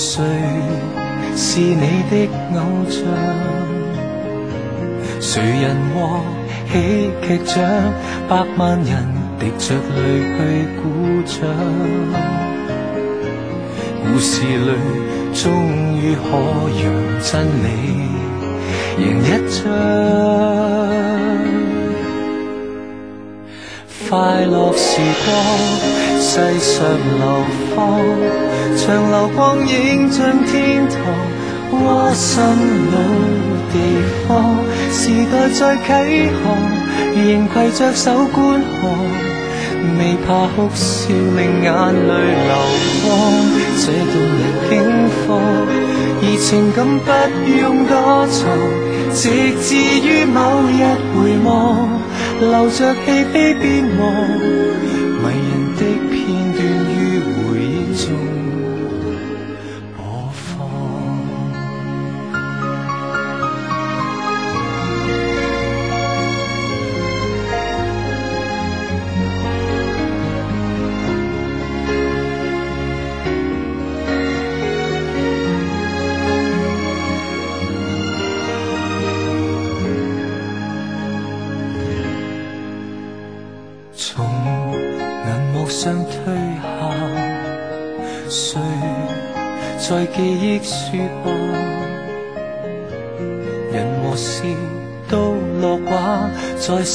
誰是你的偶像？誰人獲喜劇獎？百萬人滴着淚去鼓掌。故事裡終於可揚真理贏一仗。 快樂時光，世上流芳。長流光影像天堂，窩心裏地方。時代在啓航，仍攜着手觀看，未怕哭笑令眼淚流光。這段人驚慌，而情感不用躲藏，直至於某日回望，流着氣飛邊望。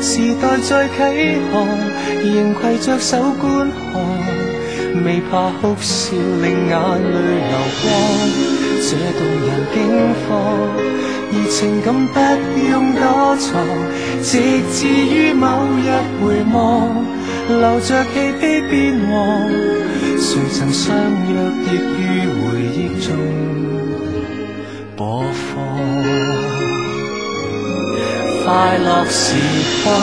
時代在啟航，仍攜着手觀看，未怕哭笑令眼淚流光。這動人景況，而情感不用躲藏。直至於某日回望，留著戲票變黃，誰曾相約亦於回憶中播放？快樂時光，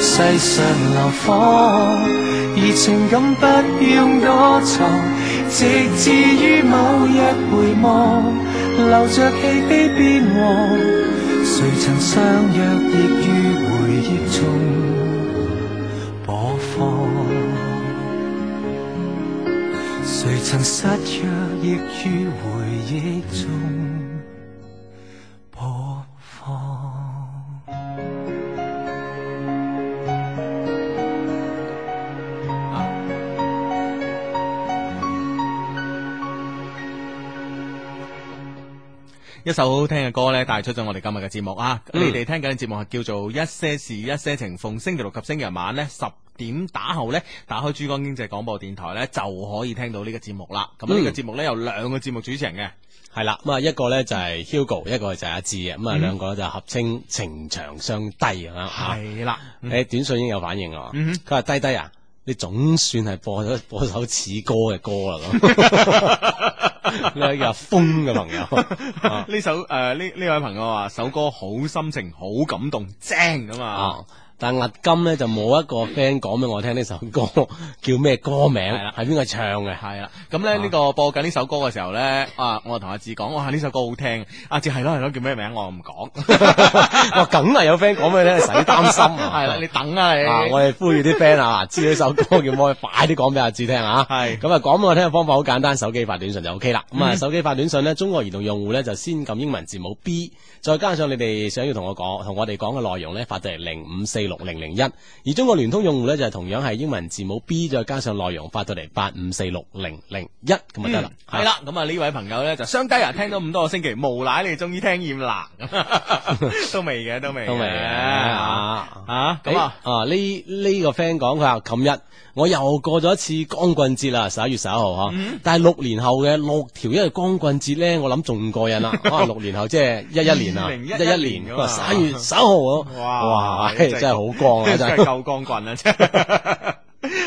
世上流放，而情感不用躲藏，直至於某日回望，流着喜悲變黃。誰曾相約，亦於回憶中播放？誰曾失約，亦於回憶中？一首好聽嘅歌咧，帶出咗我哋今日嘅節目啊！嗯、你哋聽緊嘅節目係叫做《一些事一些情》，逢星期六及星期日晚咧十點打後呢，打開珠江經濟廣播電台咧就可以聽到呢個節目啦。咁呢、嗯、個節目呢，有兩個節目主持人嘅，係啦，咁啊一個呢，就係 Hugo，一個就係阿志啊。咁啊兩個就、嗯、個就合稱情長相低咁樣係啦，啊嗯、短信已經有反應啦，佢話、嗯嗯、低低啊。你總算係播咗播首似歌嘅歌啦，呢位 叫阿峰嘅朋友。呢、 啊、首誒呢呢位朋友話首歌好心情好感動，正㗎嘛。啊但押金咧就冇一個 friend 講俾我聽呢首歌叫咩歌名，係啦是、啊，係邊個唱嘅？係啦，咁咧呢個播緊呢首歌嘅時候咧，啊，我同阿志講，哇，呢首歌好聽，阿志，係咯係咯，叫咩名？我唔講，我梗係有 friend 講俾你聽、啊，使擔心，係啦，你等啊你，啊我哋呼籲啲 friend 啊，知呢首歌叫可以快啲講俾阿志聽啊，係、 啊，咁啊講俾我聽嘅方法好簡單，手機發短信就 OK 啦。咁啊、嗯、手機發短信呢，中國移動用戶咧就先撳英文字母 B，再加上你哋想要同我講，同我哋講嘅內容咧發就係零五四六。六零零一，而中國聯通用戶咧就係同樣係英文字母 B，再加上內容發到嚟八五四六零零一咁就得啦，係啦，咁啊呢位朋友咧就雙低啊，聽到咁多個星期，無賴你終於聽厭啦，都未嘅，都未，都未啊啊咁啊啊呢呢個 friend 講佢話，琴日我又過咗一次光棍節啦，十一月十一號嗬，但係六年後嘅六條，因為光棍節咧，我諗仲過癮啦，可能六年後即係一一年啊，一一年，十一月十一號哇，好光啊！真係夠光棍啊！真係，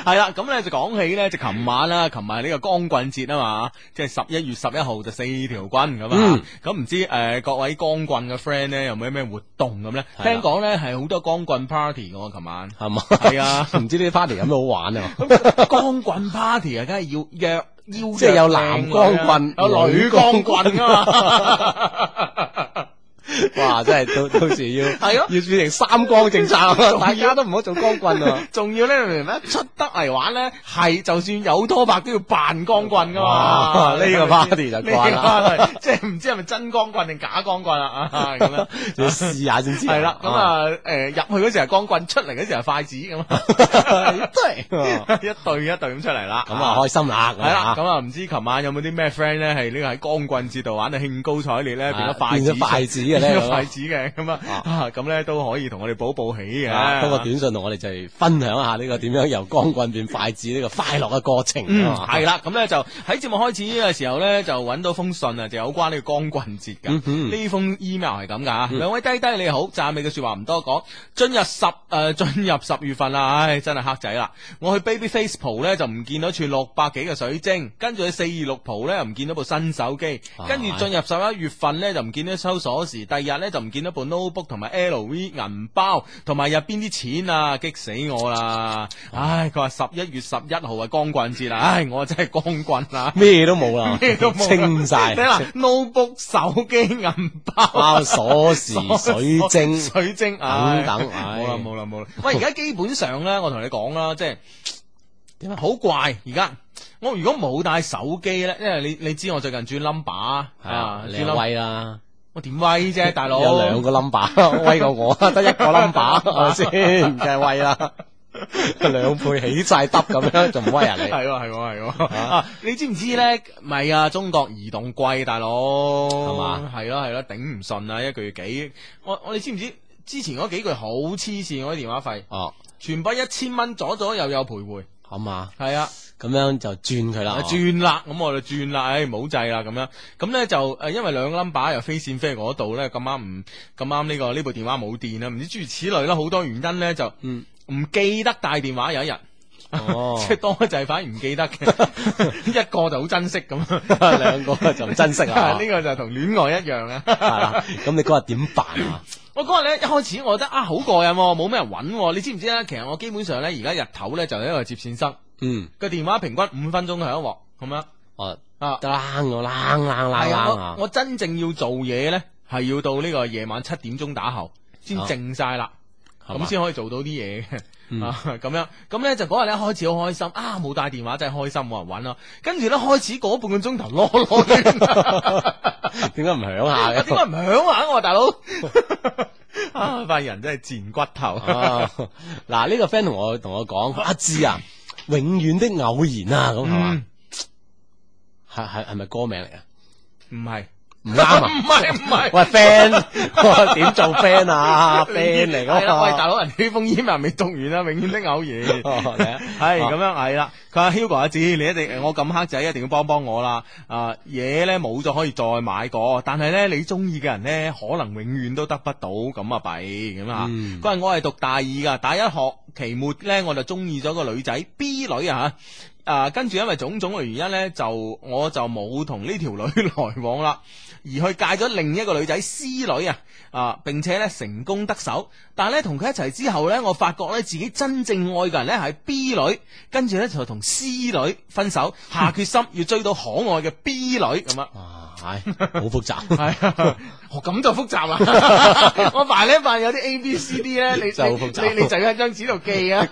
係 啦， 咁咧就講起咧，就琴晚啦，琴晚呢個光棍節啊嘛，即係十一月十一號就四條棍咁啊，咁唔、嗯嗯、知誒、呃、各位光棍嘅 friend 咧，有冇啲咩活動咁咧？的聽講咧係好多光棍 party 嘅，琴晚係嘛？係吧啊，唔 知呢啲 party 有咩好玩啊？ 光棍 party 啊，梗係要約，要即係有男光棍、啊，有女，光女光棍啊嘛。 哇！真係到到時要係咯，要變成三光政策，大家都唔好做光棍啊！仲要咧，明明啊？出得嚟玩咧，係就算有拖拍都要扮光棍噶嘛！呢個 party 就呢個，即係唔知係咪真光棍定假光棍啦啊！咁啊，要試下先知。係啦，咁啊，誒，入去嗰時係光棍，出嚟嗰時係筷子咁一對一對一對咁出嚟啦，咁啊開心啦！係啦，咁啊，唔知琴晚有冇啲咩 friend 咧，係呢個喺光棍節度玩啊，興高采烈咧，變咗筷子，筷子啊！呢個筷子嘅咁啊咁咧、啊、都可以同我哋補補起嘅，通過、啊啊、短信同我哋就係分享下呢個點樣由光棍變筷子呢個快樂嘅過程。係啦、嗯，咁咧、啊、就喺節目開始嘅時候咧就揾到封信啊，就有關呢個光棍節嘅呢封 email 係咁噶吓，兩、嗯、位低低你好，讚美嘅說話唔多講。進入十誒進、呃、入十月份啦，唉、哎、真係黑仔啦！我去 Baby Face o o 鋪咧就唔見到處六百幾嘅水晶，跟住去四二六鋪咧又唔見到部新手機，跟住進入十一月份咧就唔見到一抽鎖匙。啊啊啊第日咧就唔見到部 notebook 同埋 LV 銀包，同埋入邊啲錢啊，激死我啦！唉，佢話十一月十一號係光棍節啦，唉，我真係光棍啦，咩都冇啦，咩都清晒。notebook、手機、銀包、鎖匙、水晶、水晶，等等，冇啦冇啦冇啦。喂，而家基本上咧，我同你講啦，即係點啊？好怪，而家我如果冇帶手機咧，因為你你知我最近轉 number 啊，轉 number 啦。我點威啫，大佬？ 有兩個 number，威過我，得一個 number，係咪先？梗係威啦，兩 倍起晒得咁樣，就唔威人哋。係喎、 啊，係喎、啊，係喎、啊。啊、你知唔知咧？咪係、嗯、啊，中國移動貴，大佬係嘛？係咯、嗯，係咯吧，頂唔順啊，啊，啊！一個月幾？我我你知唔知之前嗰幾句好黐線嗰啲電話費？哦，全部一千蚊，左左右右徘徊，好嘛？係啊。 咁樣就轉佢啦，轉啦、啊，咁、啊、我就轉啦，唉、哎，冇制啦，咁樣咁咧就誒，因為兩個 number 又飛線飛去嗰度咧，咁啱唔咁啱呢個呢部，這個，電話冇電啦，唔知諸如此類啦，好多原因咧就唔、嗯、記得帶電話有一日，哦、 即係多滯反而唔記得嘅 一個就好珍惜咁，兩 個就唔珍惜啊？呢 個就同戀愛一樣咧，咁你嗰日點辦啊？我嗰日咧一開始我覺得啊好過癮，冇咩人揾你知唔知咧？其實我基本上咧而家日頭咧就係一個接線生。嗯，個電話平均五分鐘響一鑊咁樣，啊啊，得啦，我啦啦啦我真正要做嘢咧，係要到呢個夜晚七點鐘打後，先靜晒啦，咁先可以做到啲嘢嘅咁樣。咁咧就嗰日咧開始好開心啊，冇帶電話真係開心，冇人搵咯。跟住咧開始過半個鐘頭囉囉，點解唔響下嘅？點解唔響啊？我大佬啊，班人真係賤骨頭。嗱，呢個 friend 同我同我講，我知啊。永遠的偶然啊，咁係嘛？係係係咪歌名嚟？是 啊？唔係唔啱啊！唔係唔係，喂，friend，我點做 friend 啊？friend 嚟嗰，喂，大佬，人 A 峰煙咪未讀完啊？永遠的偶然，係 咁、 啊、樣，係啦。 佢 Hugo 阿子，你一定我咁黑仔，一定要幫幫我啦！啊、呃、嘢呢冇咗可以再買過，但係呢，你中意嘅人呢，可能永遠都得不到，咁啊弊咁啊！佢話、嗯、我係讀大二噶，大一學期末呢，我就中意咗個女仔 B 女啊，啊跟住因為種種嘅原因呢，就我就冇同呢條女來往啦。而去戒咗另一個女仔 C 女啊啊！並且咧成功得手，但係咧同佢一齊之後咧，我發覺咧自己真正愛嘅人咧係 B 女，跟住咧就同 C 女分手，下決心要追到可愛嘅 B 女咁啊！樣哇，好、哎、複雜。 咁 就複雜啦！ 我埋咧埋有啲 A B, C, D, 很重、B、C、D 咧，你你你就喺張紙度記啊，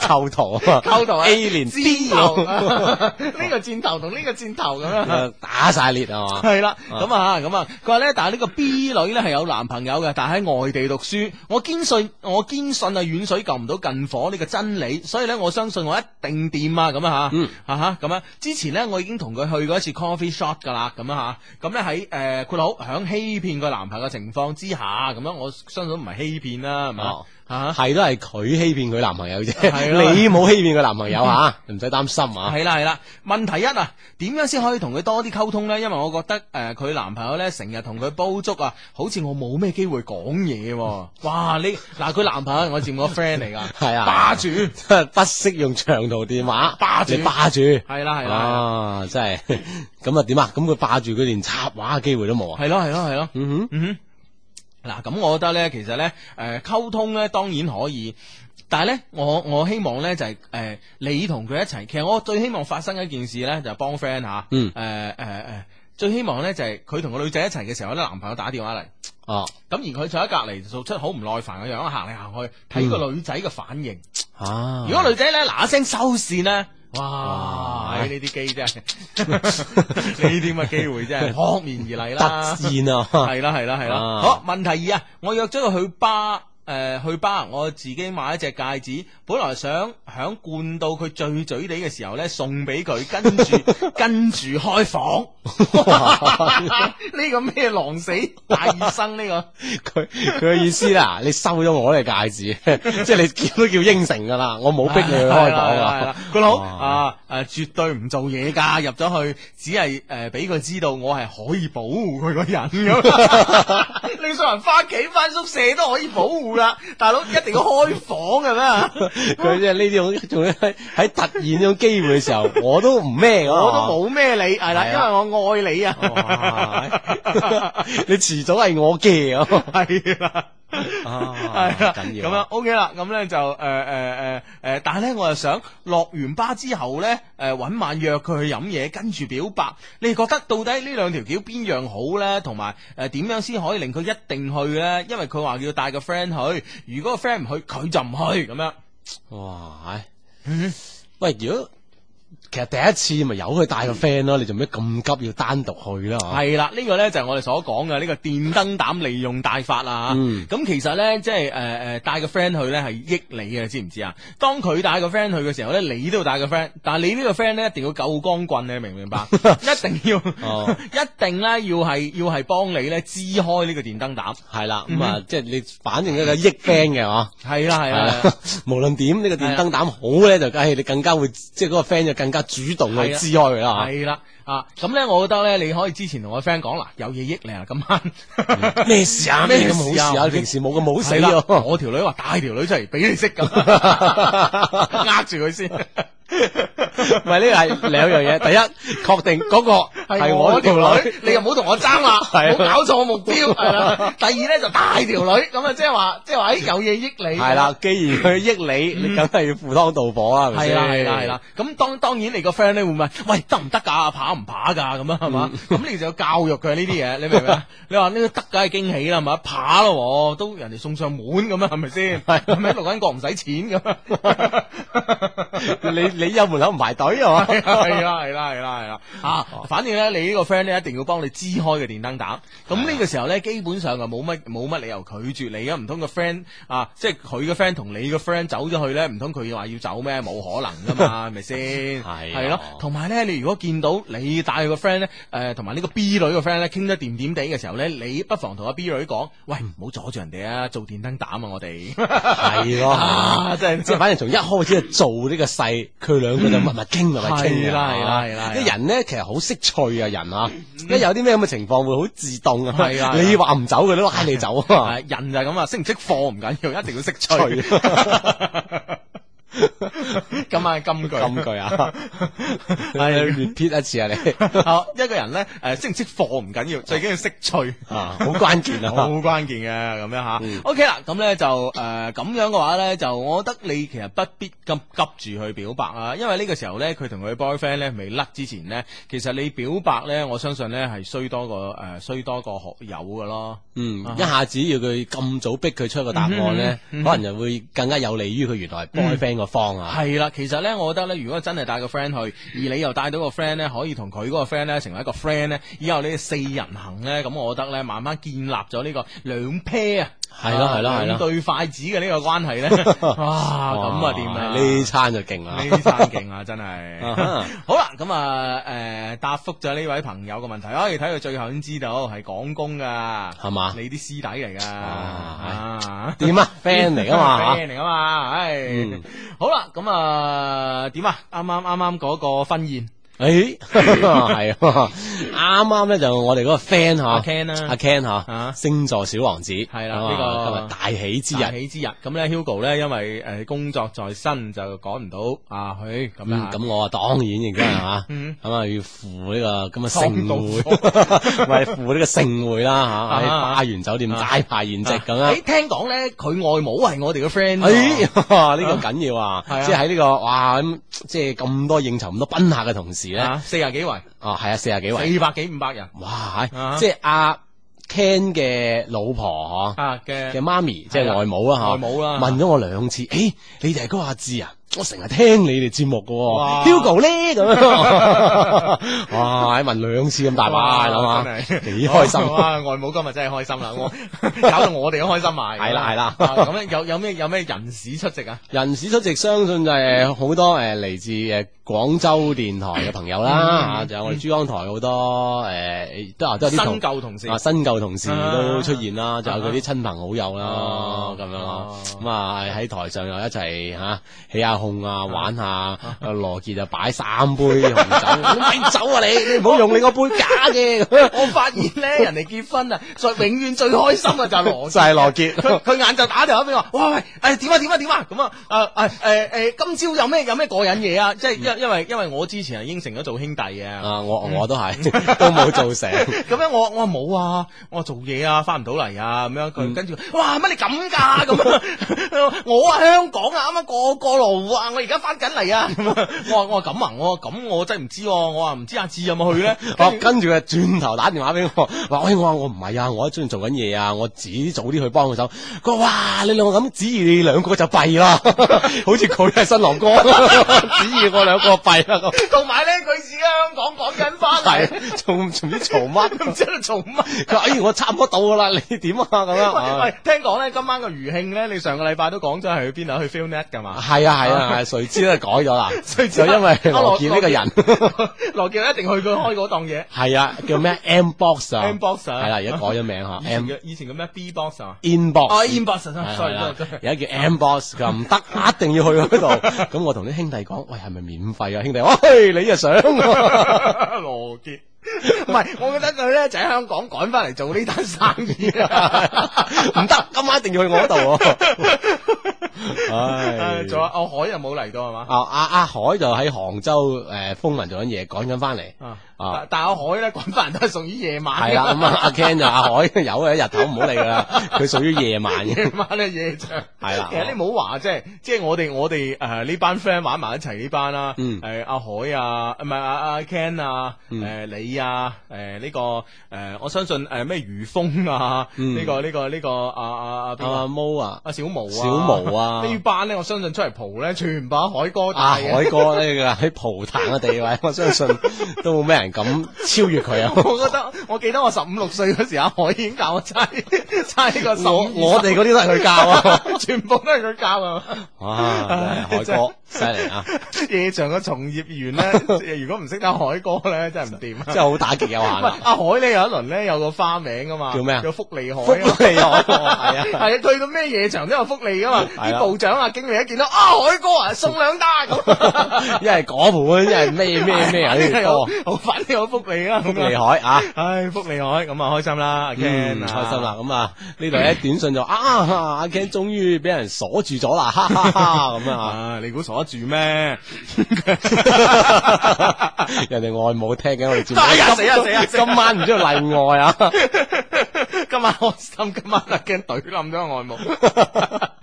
構 圖啊，構圖 A 連 B 頭，呢 個箭頭同呢個箭頭咁樣，打晒裂啊嘛！係啦，咁啊，咁 啊，佢話咧，但係呢個 B 女咧係有男朋友嘅，但係喺外地讀書。我堅信，我堅信啊，遠水救唔到近火呢個真理，所以咧，我相信我一定掂啊！咁啊嚇，啊嚇咁啊！之前咧，我已經同佢去過一次 coffee shop 㗎啦，咁啊吓。咁咧喺誒括好響。欺騙個男朋友嘅情況之下，咁樣我相信唔係欺騙啦，係嘛、嗯？啊，係都係佢欺騙佢男朋友啫，你冇欺騙佢男朋友啊，你唔使擔心啊。係啦係啦，問題一啊，點樣先可以同佢多啲溝通咧？因為我覺得誒，佢男朋友咧成日同佢煲粥啊，好似我冇咩機會講嘢。哇，你嗱佢男朋友，我前個 friend 嚟噶，係啊，霸住，不惜用長途電話，霸住，霸住，係啦係啦，真係咁啊點啊？咁佢霸住佢連插話嘅機會都冇啊？係咯係咯係咯，嗯哼嗯哼。嗱咁，啊、我覺得咧，其實咧，誒、呃、溝通咧當然可以，但係咧，我我希望咧就係、是、誒、呃、你同佢一齊。其實我最希望發生一件事咧，就係、是、幫 friend 吓，誒誒誒，最希望咧就係佢同個女仔一齊嘅時候，有男朋友打電話嚟，哦、啊，咁而佢坐喺隔籬做出好唔耐煩嘅樣，行嚟行去睇個女仔嘅反應。啊，嗯、如果女仔咧嗱一聲收線咧。哇！呢啲哇、哎、機真係呢啲咁嘅機會真係撲 面而嚟啦，先啊，係啦係啦係啦。啦啦啊、好，問題二啊，我約咗佢去巴。誒、呃，去巴，我自己買一隻戒指，本來想響灌到佢醉嘴哋嘅時候咧，送俾佢，跟住 跟住開房。呢個咩狼死大醫生呢、呢個？佢佢嘅意思啦， 你收咗我嘅戒指，即係你都叫應承噶啦，我冇逼你去開房噶。佢好啊，誒，絕對唔做嘢噶，入咗去只係誒俾佢知道我係可以保護佢個人咁。 你上完翻屋企翻宿舍都可以保護。啦，大佬一定要開房嘅咩？佢即係呢啲好，仲要喺突然呢種機會嘅時候，我都唔咩、啊，我都冇咩你係啦，的因為我愛你啊， 你遲早係我嘅，係 啦。係啊，咁 了、啊、樣 OK 啦，咁咧就誒誒誒誒，但係咧我又想落完巴之後咧，誒、呃、搵晚約佢去飲嘢，跟住表白。你哋覺得到底兩條條條呢兩條橋邊樣好咧，同埋誒點樣先可以令佢一定去咧？因為佢話要帶個 friend 去，如果個 friend 唔去，佢就唔去咁樣。哇，嗯，喂，如果。其實第一次咪由佢帶個 friend 咯，你做咩咁急要單獨去啦？係啦，呢個咧就係我哋所講嘅呢個電燈膽利用大法啦。咁其實咧，即係誒誒，帶個 friend 去咧係益你嘅，知唔知啊？當佢帶個 friend 去嘅時候咧，你都要帶個 friend，但係你呢個 friend 咧一定要夠光棍，你明唔明白？一定要，一定咧要係要係幫你咧支開呢個電燈膽。係啦，咁啊，即係你反正一個益 friend 嘅嗬。係啦係啦，無論點呢個電燈膽好咧，就梗係你更加會即係嗰個 friend 就更加。主動去支開佢啦嚇，係啦啊咁咧，我覺得咧，你可以之前同我 friend 講啦，有嘢益你啊，今晚咩事啊？咩咁、啊啊、好事啊？平時冇咁好死啦，啊、我條女話帶條女出嚟俾你識㗎，呃住佢先。 唔係，呢個係兩樣嘢，第一，確定嗰個係我條女，你又唔好同我爭啦，唔好搞錯目標係啦。第二咧就帶條女，咁啊即係話，即係話，有嘢益你係啦。既然佢益你，你梗係要赴湯蹈火啦，係啦係啦係啦。咁當當然你個 friend 咧會問，喂，得唔得噶？跑唔跑噶咁啊係嘛？咁你就要教育佢呢啲嘢，你明唔明？你話呢個得梗係驚喜啦，係嘛？跑咯，都人哋送上門咁啊，係咪先？係咪六蚊角唔使錢咁？你。你有門口唔排隊係咪？係啦係啦係啦係啦嚇！反正咧，你呢個 friend 咧一定要幫你支開個電燈膽。咁呢、 啊、個時候咧，基本上就冇乜冇乜理由拒絕你啊！唔通個 friend 啊，即係佢個 friend 同你個 friend 走咗去咧，唔通佢話要走咩？冇可能㗎嘛，係咪先？係啊。係咯，同埋咧，你如果見到你帶佢個 friend 咧，誒同埋呢個 B 女個 friend 咧傾得點點地嘅時候咧，你不妨同阿 B 女講：喂，唔好阻住人哋啊，做電燈膽啊！我哋係咯，真係即係，反正從一開始就做呢個勢。佢兩個就密密傾，密密傾啦，係啦，係啦，啲人咧其實好識趣啊，人啊，一、嗯、有啲咩咁嘅情況會好自動嘅。係啊，你話唔走佢都拉你走啊，人就咁啊，識唔識貨唔緊要，一定要識趣。 今晚金句，金句啊！係 repeat 一次啊你！你哦，一個人咧，誒，識唔識貨唔緊要，最緊要識趣 啊，好關鍵啊，好、 哦、關鍵嘅咁樣吓、啊。嗯、OK 啦，咁咧就誒，咁樣嘅話咧，就我覺得你其實不必咁急住去表白啊，因為呢個時候咧，佢同佢 boyfriend 咧未甩之前咧，其實你表白咧，我相信咧係衰多過誒、呃，衰多過學友噶咯。嗯，啊、哈一下子要佢咁早逼佢出個答案咧，嗯嗯、可能就會更加有利於佢原來係 boyfriend 嘅、嗯。嗯係啦，其實呢，我覺得呢，如果真係帶個 friend 去，而你又帶到個 friend 呢，可以同佢嗰個 friend 呢成為一個 friend 呢，以後你哋四人行呢，咁我覺得呢，慢慢建立咗呢個兩 pair 啊！係咯，係咯，兩 對筷子嘅呢個關係咧， 哇，咁啊掂啊？呢餐就勁啊，呢餐勁啊，真係。好啦，咁啊，誒、呃，答覆咗呢位朋友嘅問題，可以睇佢最後先知道係廣工噶，係 嘛？你啲師弟嚟噶，啊點啊？friend 嚟噶嘛，friend 嚟噶嘛，唉， 好啦，咁、嗯、啊，點啊？啱啱啱啱嗰個婚宴。誒，係啊，啱啱咧就我哋個 friend 吓，阿 Ken 啊，阿 Ken 吓，星座小王子，係啦，呢個今日大喜之日，大喜之日，咁咧 Hugo 咧因為誒工作在身就趕唔到啊，佢咁樣，咁我啊當然亦都係嘛，咁啊要赴呢個咁啊盛會，為赴呢個盛會啦吓，喺花園酒店大排筵席咁樣，誒，聽講咧佢外母係我哋個 friend，誒，呢個緊要啊，即係喺呢個哇，即係咁多應酬唔多賓客嘅同時。四廿幾圍啊，係啊，四廿幾圍，四百幾五百人，哇！即係阿 Ken 嘅老婆嗬，啊嘅嘅媽咪即係外母啊。嚇外母啦，問咗我兩次，誒，你哋係哥阿志啊，我成日聽你哋節目㗎，Hugo 咧咁，哇，問兩次咁大把係嘛，幾開心啊！外母今日真係開心啦，搞到我哋都開心埋，係啦係啦，咁咧有有咩有咩人事出席啊？人事出席相信就係好多誒嚟自誒。廣州電台嘅朋友啦，就有我哋珠江台好多誒，都都係啲新舊同事，新舊同事都出現啦，就有嗰啲親朋好友啦，咁樣咯。咁啊喺台上又一齊吓起下控啊，玩下。阿羅傑就擺三杯紅酒，乜酒啊你？你唔好用你個杯假嘅。我發現咧，人哋結婚啊，最永遠最開心嘅就係羅，就係羅傑。佢眼就打電話俾我，哇喂，誒點啊點啊點啊咁啊，誒誒誒，今朝有咩有咩過癮嘢啊？即係。因為因為我之前係應承咗做兄弟嘅、啊，啊我、嗯、我都係，都冇做成。咁 樣我我冇啊，我做嘢啊，翻唔到嚟啊，咁樣佢跟住，哇乜你咁噶、啊？咁 我話、啊、香港啊，啱啱過過路啊，我而家翻緊嚟啊。我話我咁啊，我話咁、啊啊、我真係唔知，我話唔知阿志有冇去咧。跟住佢轉頭打電話俾我，話、哎、我話我唔係啊，我喺中意做緊嘢啊，我指意早啲去幫佢手。佢話哇，你兩個咁，指意你兩個就弊啦， 好似佢係新郎哥，指 意 我兩。個弊啦，同埋咧佢而家香港講緊翻，係仲仲唔知嘈乜，都唔知喺度嘈乜。佢話哎，我差唔多到噶啦，你點啊咁樣？喂喂，聽講咧今晚嘅餘慶咧，你上個禮拜都講咗係去邊度去 feel net 噶嘛？係啊係啊，誰知咧改咗啦，就因為羅杰呢個人，羅杰一定去佢開嗰檔嘢。係啊，叫咩？M box 啊，M box 啊，係啦，而家改咗名吓，M 以前嘅咩 B box 啊，In box，哦，In box 真係衰到，而家叫 M box 就唔得，一定要去嗰度。咁我同啲兄弟講，喂，係咪免？啊，兄弟，喂、哎，你又想羅、啊、傑？唔係 羅傑， 我覺得佢咧就喺、是、香港趕翻嚟做呢單生意啊，唔得， 今晚一定要去我度、啊。唉、 哎。仲有阿海又冇嚟到係嘛？啊阿阿海就喺杭州誒，風雲做緊嘢，趕緊翻嚟。啊但阿海咧，趕翻嚟都係屬於夜晚㗎。係啦，咁啊，阿 Ken 就阿海有啊，日頭唔好嚟啦，佢屬於夜晚嘅。晚嘢嘢就係啦？其實你冇話即係即係我哋我哋誒呢班 friend 玩埋一齊呢班啦。誒阿海啊，唔係阿阿 Ken 啊，誒你啊，誒呢個誒我相信誒咩餘風啊，呢個呢個呢個阿阿阿阿毛啊，阿小毛啊，小毛啊呢班咧，我相信。出嚟蒲咧，全部阿海哥啊！海哥呢個喺蒲壇嘅地位，我相信都冇咩人敢超越佢啊！我覺得，我記得我十五六歲嗰時，阿海已經教我齋齋個手。我哋嗰啲都係佢教啊，全部都係佢教啊！哇，海哥犀利啊！夜場嘅從業員咧，如果唔識得海哥咧，真係唔掂，啊。真係好打擊有限。阿海呢，有一輪咧有個花名噶嘛，叫咩啊？叫福利海。福利海係啊，係啊，去到咩夜場都有福利噶嘛？啲部長啊、經理啊。阿海哥啊，送兩單咁，一係果盤，一係咩咩咩啊啲歌，好快，好福利啊，福利海啊，唉，福利海咁啊開心啦，阿 Ken 啊，開心啦，咁啊呢度咧短信就啊，阿 Ken 終於俾人鎖住咗啦，咁啊，你估鎖得住咩？人哋外母聽緊我哋節目，死啊死啊死啊，今晚唔知道例外啊，今晚開心，今晚阿 Ken 懟冧咗外母。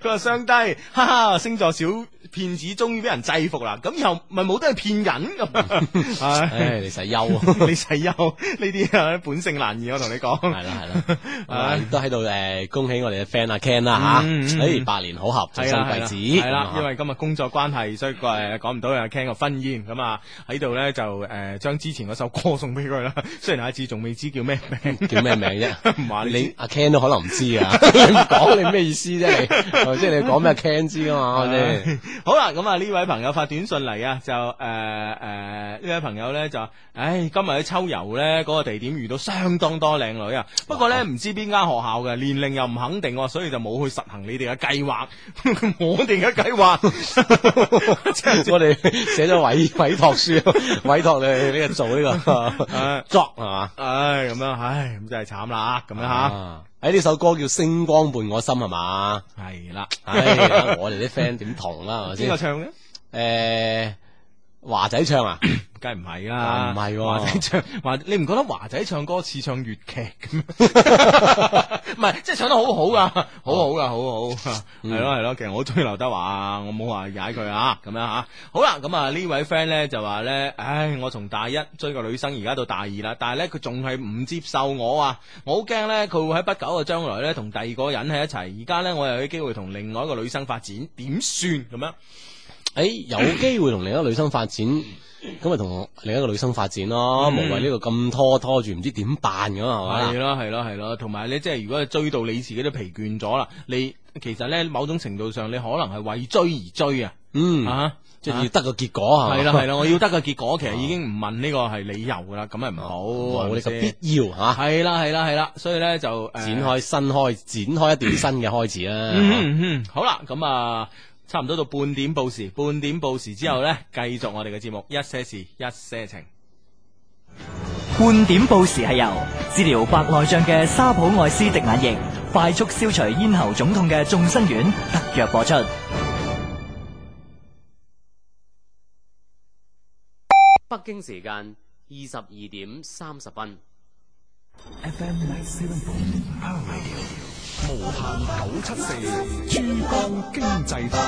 佢話雙低，哈哈，星座小。騙子終於俾人制服啦，咁又咪冇得去騙人咁？唉，你使憂啊，你使憂呢啲啊，本性難移，我同你講。係啦，係啦，都喺度誒，恭喜我哋嘅 friend 阿 Ken 啦吓，哎，百年好合，早生貴子。係啦，因為今日工作關係，所以講唔到阿 Ken 個婚姻。咁啊喺度咧就誒，將之前嗰首歌送俾佢啦。雖然阿志仲未知叫咩名，叫咩名啫，唔話你阿 Ken 都可能唔知啊。你唔講你咩意思啫？你即係你講咩 Ken 知啊嘛，我哋。好啦，咁啊呢位朋友發短信嚟啊，就誒誒呢位朋友咧就，唉今日喺秋油咧嗰個地點遇到相當多靚女啊、哦，不過咧唔知邊間學校嘅年齡又唔肯定，所以就冇去實行你哋嘅計劃，我哋嘅計劃哈哈， 即係我哋寫咗委委託書，委託你呢個做呢個作係嘛，唉咁樣，唉咁真係慘啦啊，咁樣吓。喺呢首歌叫《星光伴我心》係嘛？係啦唉，是的， 我哋啲 friend 點同啦？係咪先？邊個唱嘅？誒，華仔唱啊！ 梗係唔係啦，唔係華仔唱，華華你唔覺得華仔唱歌似唱粵劇咁？唔係， 即係唱得好好啊，好好啊，好好，係咯係咯。其實我好中意劉德華啊，我冇話踩佢啊，咁 樣啊。好啦，咁啊呢位 friend 咧就話咧，唉，我從大一追個女生，而家到大二啦，但係咧佢仲係唔接受我啊，我好驚咧佢會喺不久嘅將來咧同第二個人喺一齊，而家咧我又有機會同另外一個女生發展，點算咁樣？誒，有機會同另外一個女生發展。 咁咪同另一個女生發展咯，無謂呢個咁拖拖住，唔知點辦㗎係嘛？係咯係咯係咯，同埋你即係如果追到你自己都疲倦咗啦，你其實咧某種程度上，你可能係為追而追啊。嗯啊，即係要得個結果係嘛？係啦係啦，我要得個結果，其實已經唔問呢個係理由噶啦，咁係唔好冇呢個必要吓。係啦係啦係啦，所以咧就展開新開展開一段新嘅開始啦。好啦，咁啊。差唔多到半點報時，半點報時之後呢，繼續我哋嘅節目，一些事，一些情。半點報時係由治療白內障嘅沙普愛斯滴眼液，快速消除咽喉腫痛嘅眾生丸特約播出。北京時間二十二點三十分。FM 97.5，無限九七四，珠江經濟台。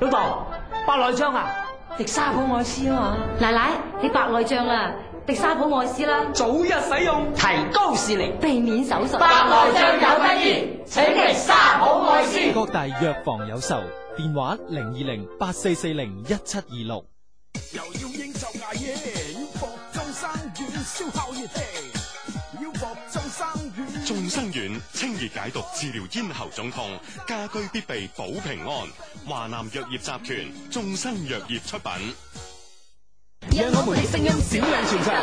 老豆，白內障啊，迪沙普愛思啊嘛。奶奶，你白內障啊？迪沙普愛思啦、啊。早日使用，提高視力，避免手術。白內障有得醫，請滴沙普愛思。各大藥房有售，電話零二零八四四零一七二六。又要應酬捱夜，要放縱生軟，燒烤熱眾生丸清熱解毒，治療咽喉腫痛，家居必備保平安。華南藥業集團，眾生藥業出品。讓我們嘅聲音閃亮全場！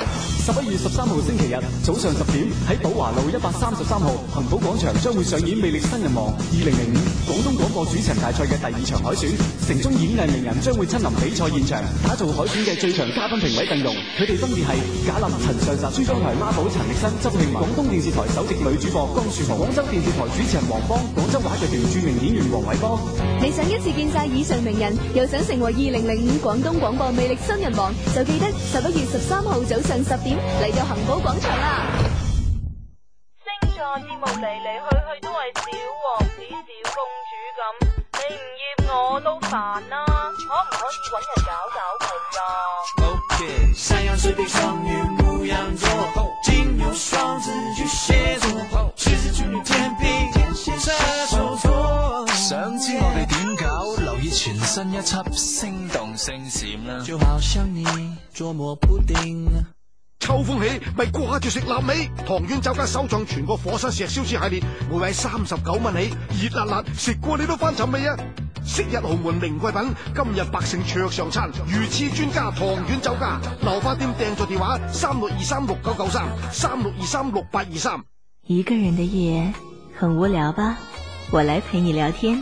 十一月十三號星期日早上十點喺寶華路一百三十三號恒寶廣場將會上演魅力新人王二零零五廣東廣播主持人大賽嘅第二場海選，城中演藝名人將會親臨比賽現場，打造海選嘅最強嘉賓評委陣容。佢哋分別係賈立、陳上集、珠江台媽寶陳力新、周慶文、廣東電視台首席女主播江樹豪、廣州電視台主持人黃芳、廣州話劇團著名演員黃偉芳。你想一次見晒以上名人，又想成為二零零五廣東廣播魅力新人王？記得十一月十三號早上十點嚟到恒寶廣場啦。星座節目嚟嚟去去都係小王子小公主噉，你唔厭我都煩啦，可唔可以揾人搞搞佢㗎？新一輯星動星閃啦、啊，就好像你捉摸不定、啊，秋風起咪掛住食臘味。唐苑酒家首創全國火山石燒豬系列，每位三十九蚊起，熱辣辣食過你都翻尋味啊！昔日豪門名貴品，今日百姓桌上餐。魚翅專家唐苑酒家，留花店訂座電話三六二三六九九三三六二三六八二三。36 36 3, 36 36一個人的夜很無聊吧？我來陪你聊天。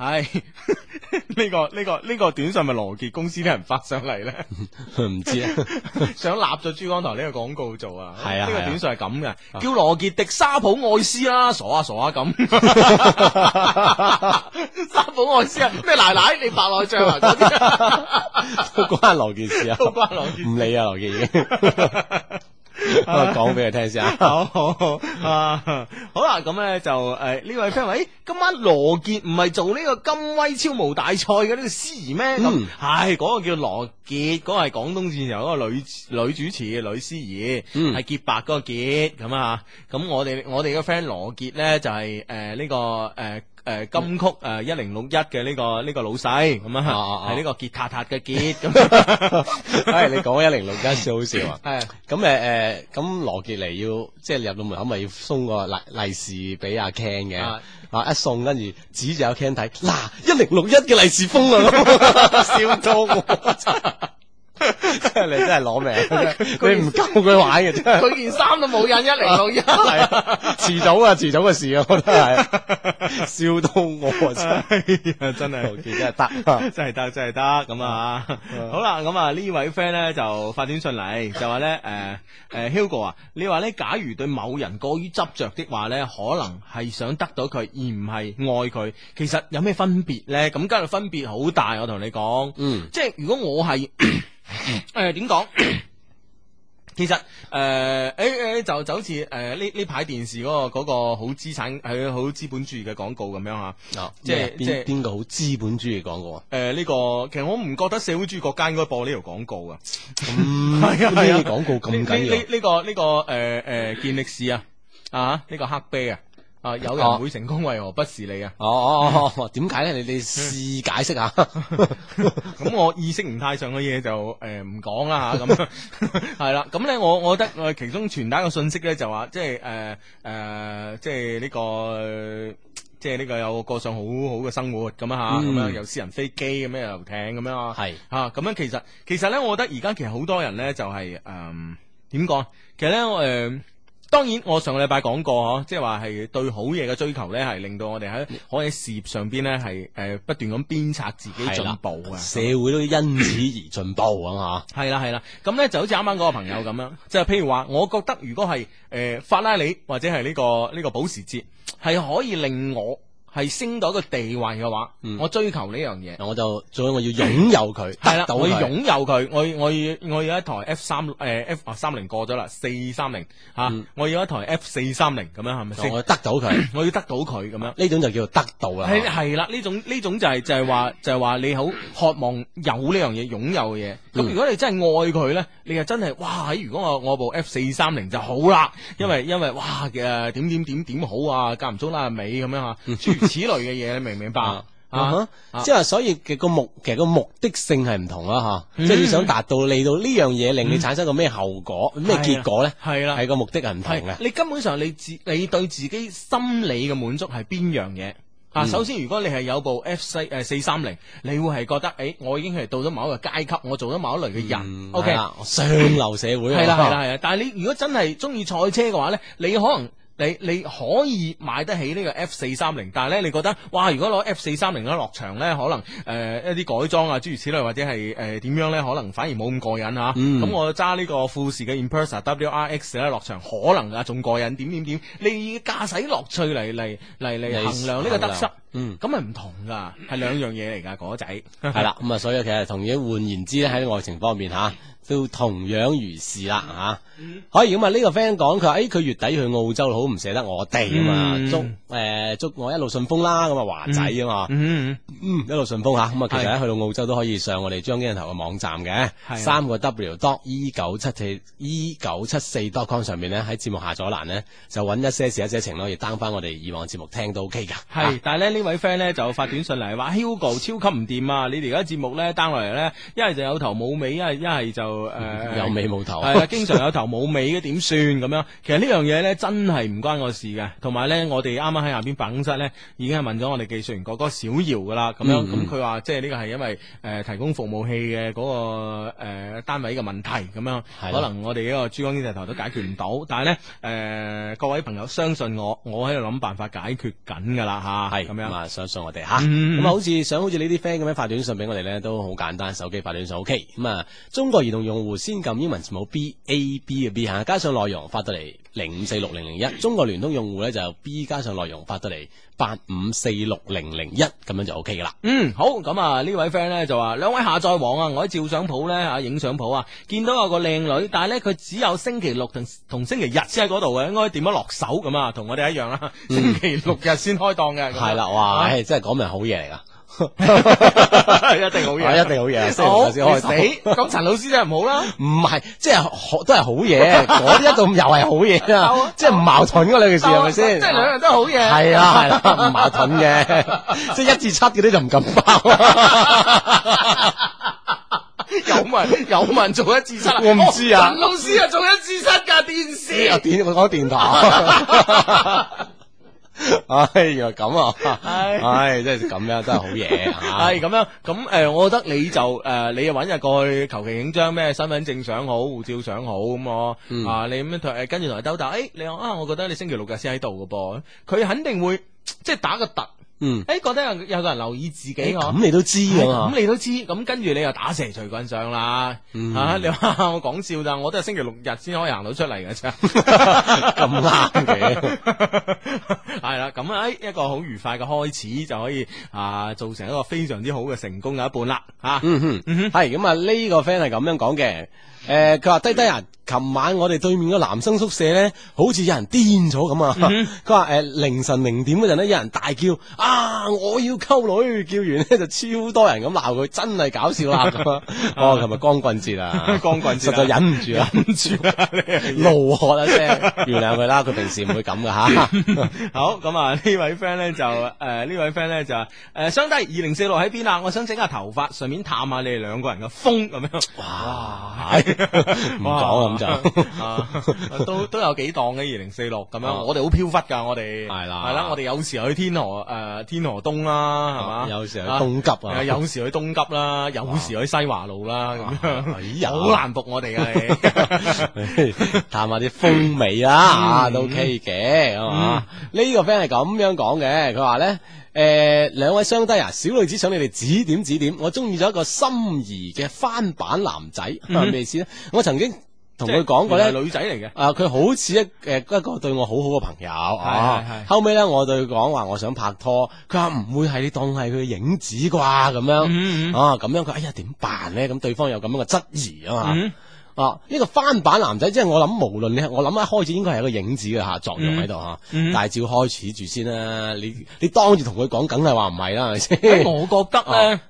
係呢、哎這個呢、這個呢、這個短信咪羅杰公司啲人發上嚟咧？唔知啊， 想立咗珠江台呢個廣告做啊？係是啊，呢個短信係咁嘅，是啊、叫羅杰迪沙普愛斯」啊，傻啊傻啊咁、啊。 沙普愛斯」啊，咩奶奶？你白內障啊？ 都關羅杰事啊？都關羅杰、啊？唔、啊、理啊，羅杰已經。 講俾佢聽先 啊，好好好啊，好啦，咁咧就誒呢位 friend 咪，今晚羅杰唔係做呢個金威超模大賽嘅呢個司儀咩？咁係嗰個叫羅杰，嗰、嗰個係廣東電視台一個女女主持嘅女司儀，嗯係潔白嗰個潔咁啊，咁我哋我哋嘅 friend 羅杰咧就係誒呢個誒。呃誒，金曲誒一零六一嘅呢個呢個老細咁啊，啊，啊桃桃，係呢個杰塔塔嘅杰咁，哎你講一零六一笑好笑啊，係咁誒誒，咁羅杰尼要即係入到門口咪要送個利利是俾阿 Ken 嘅，啊一送跟住指住阿 Ken 睇，嗱一零六一嘅利是封啦，笑到即 你真係攞命，佢唔夠佢玩嘅，真係佢件衫都冇印一零到一，遲早啊，遲早嘅事啊，我覺得係笑到我真係好，係，真係得真係得真係得咁啊。 好啦，咁啊呢位 friend 咧就發短信嚟，就話咧誒誒，Hugo 啊，你話咧，假如對某人過於執着的話咧，可能係想得到佢而唔係愛佢，其實有咩分別咧？咁梗係分別好大，我同你講，嗯即，即係如果我係。 誒，點講、嗯呃？ 其實誒，誒、呃欸欸，就就好似誒呢呢排電視嗰、那個、那個好資產誒好資本主義嘅廣告咁樣啊。啊、哦，即係邊邊個好資本主義廣告啊？誒、呃，呢、這個其實我唔覺得社會主義國家應該播呢條廣告噶。咁係啊係啊，呢啲廣告咁緊要。呢呢呢個呢個誒誒健力士啊啊呢個黑啤啊。啊！有人會成功，為何不是你啊？哦哦點解咧？你哋試解釋下。咁、 欸、我意識唔太上嘅嘢就誒唔講啦吓咁。係、欸、啦，咁咧我我覺得其中傳達嘅信息咧就話即係誒誒即係呢個即係呢個有過上好好嘅生活咁啊吓咁樣有、嗯、私人飛機咁樣遊艇咁樣啊係吓咁樣其實其實咧我覺得而家其實好多人咧就係誒點講？其實咧我誒。呃當然，我上個禮拜講過呵，即係話係對好嘢嘅追求呢，係令到我哋喺可以喺事業上邊呢，係誒不斷咁鞭策自己進步嘅，的樣社會都因此而進步啊嘛。係啦係啦，咁呢，就好似啱啱嗰個朋友咁樣即係 就譬如話，我覺得如果係誒、呃、法拉利或者係呢、呢個呢、呢個保時捷，係可以令我。係升到一個地位嘅話，我追求呢樣嘢，我就所以我要擁有佢。係啦，我要擁有佢，我我要我要一台 F 三誒 F 三零過咗啦，四三零吓，我要一台 F 四三零咁樣，係咪先？我得到佢，我要得到佢咁樣，呢種就叫做得到啦。係啦，呢種呢種就係就係話就係話你好渴望有呢樣嘢擁有嘅嘢。咁如果你真係愛佢咧，你又真係哇！如果我我部 F 四三零就好啦，因為因為哇嘅點點點點好啊，間唔中啦尾咁樣吓。此類嘅嘢，你明唔明白啊？即係所以嘅個目，其實個目的性係唔同啦，吓，即係你想達到你到呢樣嘢，令你產生個咩後果，咩結果咧？係啦，係個目的係唔同嘅。你根本上你自你對自己心理嘅滿足係邊樣嘢啊？首先，如果你係有部 F 四三零，你會係覺得誒，我已經係到咗某一個階級，我做咗某一類嘅人。O K，上流社會係啦係啦係啊。但係你如果真係中意賽車嘅話咧，你可能。你你可以買得起呢個 F 四三零，但係咧你覺得，哇！如果攞 F 四三零咧落場咧，可能誒、呃、一啲改裝啊，諸如此類，或者係誒點樣咧，可能反而冇咁過癮、嗯、啊！咁我揸呢個富士嘅 Impreza W R X 咧落場，可能啊仲過癮，點點點，你駕駛樂趣嚟嚟嚟嚟衡量呢個得失，嗯，咁係唔同㗎，係兩樣嘢嚟㗎，果仔。係啦、嗯，咁啊， 所以其實同樣換言之咧，喺愛情方面嚇。都同樣如是啦嚇，可以咁啊呢個 friend 講佢話，哎佢月底去澳洲好唔捨得我哋啊嘛，祝誒祝我一路順風啦咁啊華仔啊嘛，嗯嗯一路順風吓。咁啊其實去到澳洲都可以上我哋張鏡頭嘅網站嘅，三個 W dot E 九七四 E 九七四 dot com 上面咧喺節目下咗欄呢，就揾一些事一些情咯，亦 down 翻我哋以往節目聽都 OK 㗎。係，但係咧呢位 friend 咧就發短信嚟話 Hugo 超級唔掂啊！你哋而家節目咧 down 落嚟咧，一係就有頭冇尾，一係一係就。誒， 有尾美冇無頭係啊，經常有頭冇尾嘅，點算咁樣？其實呢樣嘢咧真係唔關我事嘅。同埋咧，我哋啱啱喺下邊辦公室咧，已經係問咗我哋技術員哥哥小姚噶啦。咁樣咁佢話，即係呢個係因為誒、呃、提供服務器嘅嗰、那個誒、呃、單位嘅問題。咁樣可能我哋呢個珠江經濟台都解決唔到。但係咧，誒、呃、各位朋友相信我，我喺度諗辦法解決緊噶啦吓。係、啊、咁是樣，相信我哋吓。咁啊，嗯嗯、好似想好似呢啲 friend 咁樣發短信俾我哋咧，都好簡單，手機發短信 OK。咁啊，中國移動用用戶先撳英文字母 b a b 嘅 b 加上內容發到嚟零五四六零零一。中國聯通用戶咧就 b 加上內容發到嚟八五四六零零一，咁樣就 O K 噶啦。嗯，好，咁啊位呢位 friend 咧就話兩位下載王啊，我喺照相鋪咧啊影相鋪啊，見到有個靚女，但係咧佢只有星期六同同星期日先喺嗰度嘅，應該點樣落手咁啊？同我哋一樣啦、啊，嗯、星期六日先開檔嘅，係啦、嗯啊，哇，真係講明好嘢嚟噶。對哇一定好嘢，一定好嘢。先。好，咁陳老師真係唔好啦。唔係，即係都係好嘢。我呢一度又係好嘢啊，即係唔矛盾噶兩件事係咪先？即係兩樣都係好嘢。係啦係啦，唔矛盾嘅。即係一至七嗰啲就唔敢爆。有民有民做一至七，我唔知啊。陳老師啊，做一至七架電視又電，我講電台。 哎呀，咁啊，係、哎，唉、啊，真係咁樣、啊，真係好嘢吓，係咁樣，咁誒，我覺得你就誒，你又揾日過去，求其影張咩身份證相好，護照相好咁，我，啊，你咁樣同誒跟住同佢兜底，你話、哎、啊，我覺得你星期六日先喺度噶噃，佢、啊、肯定會即係打個突。嗯，誒、欸，覺得有個人，人留意自己，咁、欸、你都知噶咁你都知，咁跟住你又打蛇隨棍上啦，吓、嗯啊！你話我講笑咋？我都係星期六日先可以行到出嚟嘅啫，咁啱嘅。係啦，咁誒，一個好愉快嘅開始就可以啊，做成一個非常之好嘅成功嘅一半啦，吓。嗯嗯係咁啊，呢個 friend 係咁樣講嘅，誒、呃，佢話、嗯、哼低低啊，琴晚我哋對面個男生宿舍咧，好似有人癲咗咁啊。佢話誒，凌晨零點嗰陣咧，有人大叫、啊啊！我要溝女，叫完咧就超多人咁鬧佢，真係搞笑啦！咁啊，哦，琴日光棍節啊？光棍節，實在忍唔住啊！怒喝一聲，原諒佢啦，佢平時唔會咁噶吓。好，咁啊呢位 friend 咧就誒呢位 friend 咧就誒，兄弟二零四六喺邊啊？我想整下頭髮，順便探下你哋兩個人嘅風咁樣。哇！唔講咁就，都都有幾檔嘅二零四六咁樣。我哋好飄忽噶，我哋係啦，係啦，我哋有時去天河誒。天河、啊、東啦、啊，係嘛、啊？有時去東急啊，有時去東急啦，有時去西華路啦，咁樣好難服我哋啊！談下啲風味啦、啊，啊、嗯、都 OK 嘅，係嘛？呢個 friend 係咁樣講嘅，佢話咧，誒兩位雙低啊，小女子想你哋指點指點，我中意咗一個心儀嘅翻版男仔，咩意思咧？我曾經。同佢講過咧，女仔嚟嘅。啊，佢好似一誒一個對我好好嘅朋友。係係係。是是後尾咧，我對佢講話，我想拍拖。佢話唔會係你當係佢嘅影子啩咁樣。嗯嗯啊，咁樣佢，哎呀，點辦咧？咁對方有咁樣嘅質疑啊嘛。啊，呢、嗯啊呢個翻版男仔，即、就、係、是、我諗，無論你，我諗一開始應該係一個影子嘅嚇作用喺度嚇。大、啊嗯嗯、照開始住先、啊、啦。你你當住同佢講，梗係話唔係啦，係咪先？我覺得咧。啊。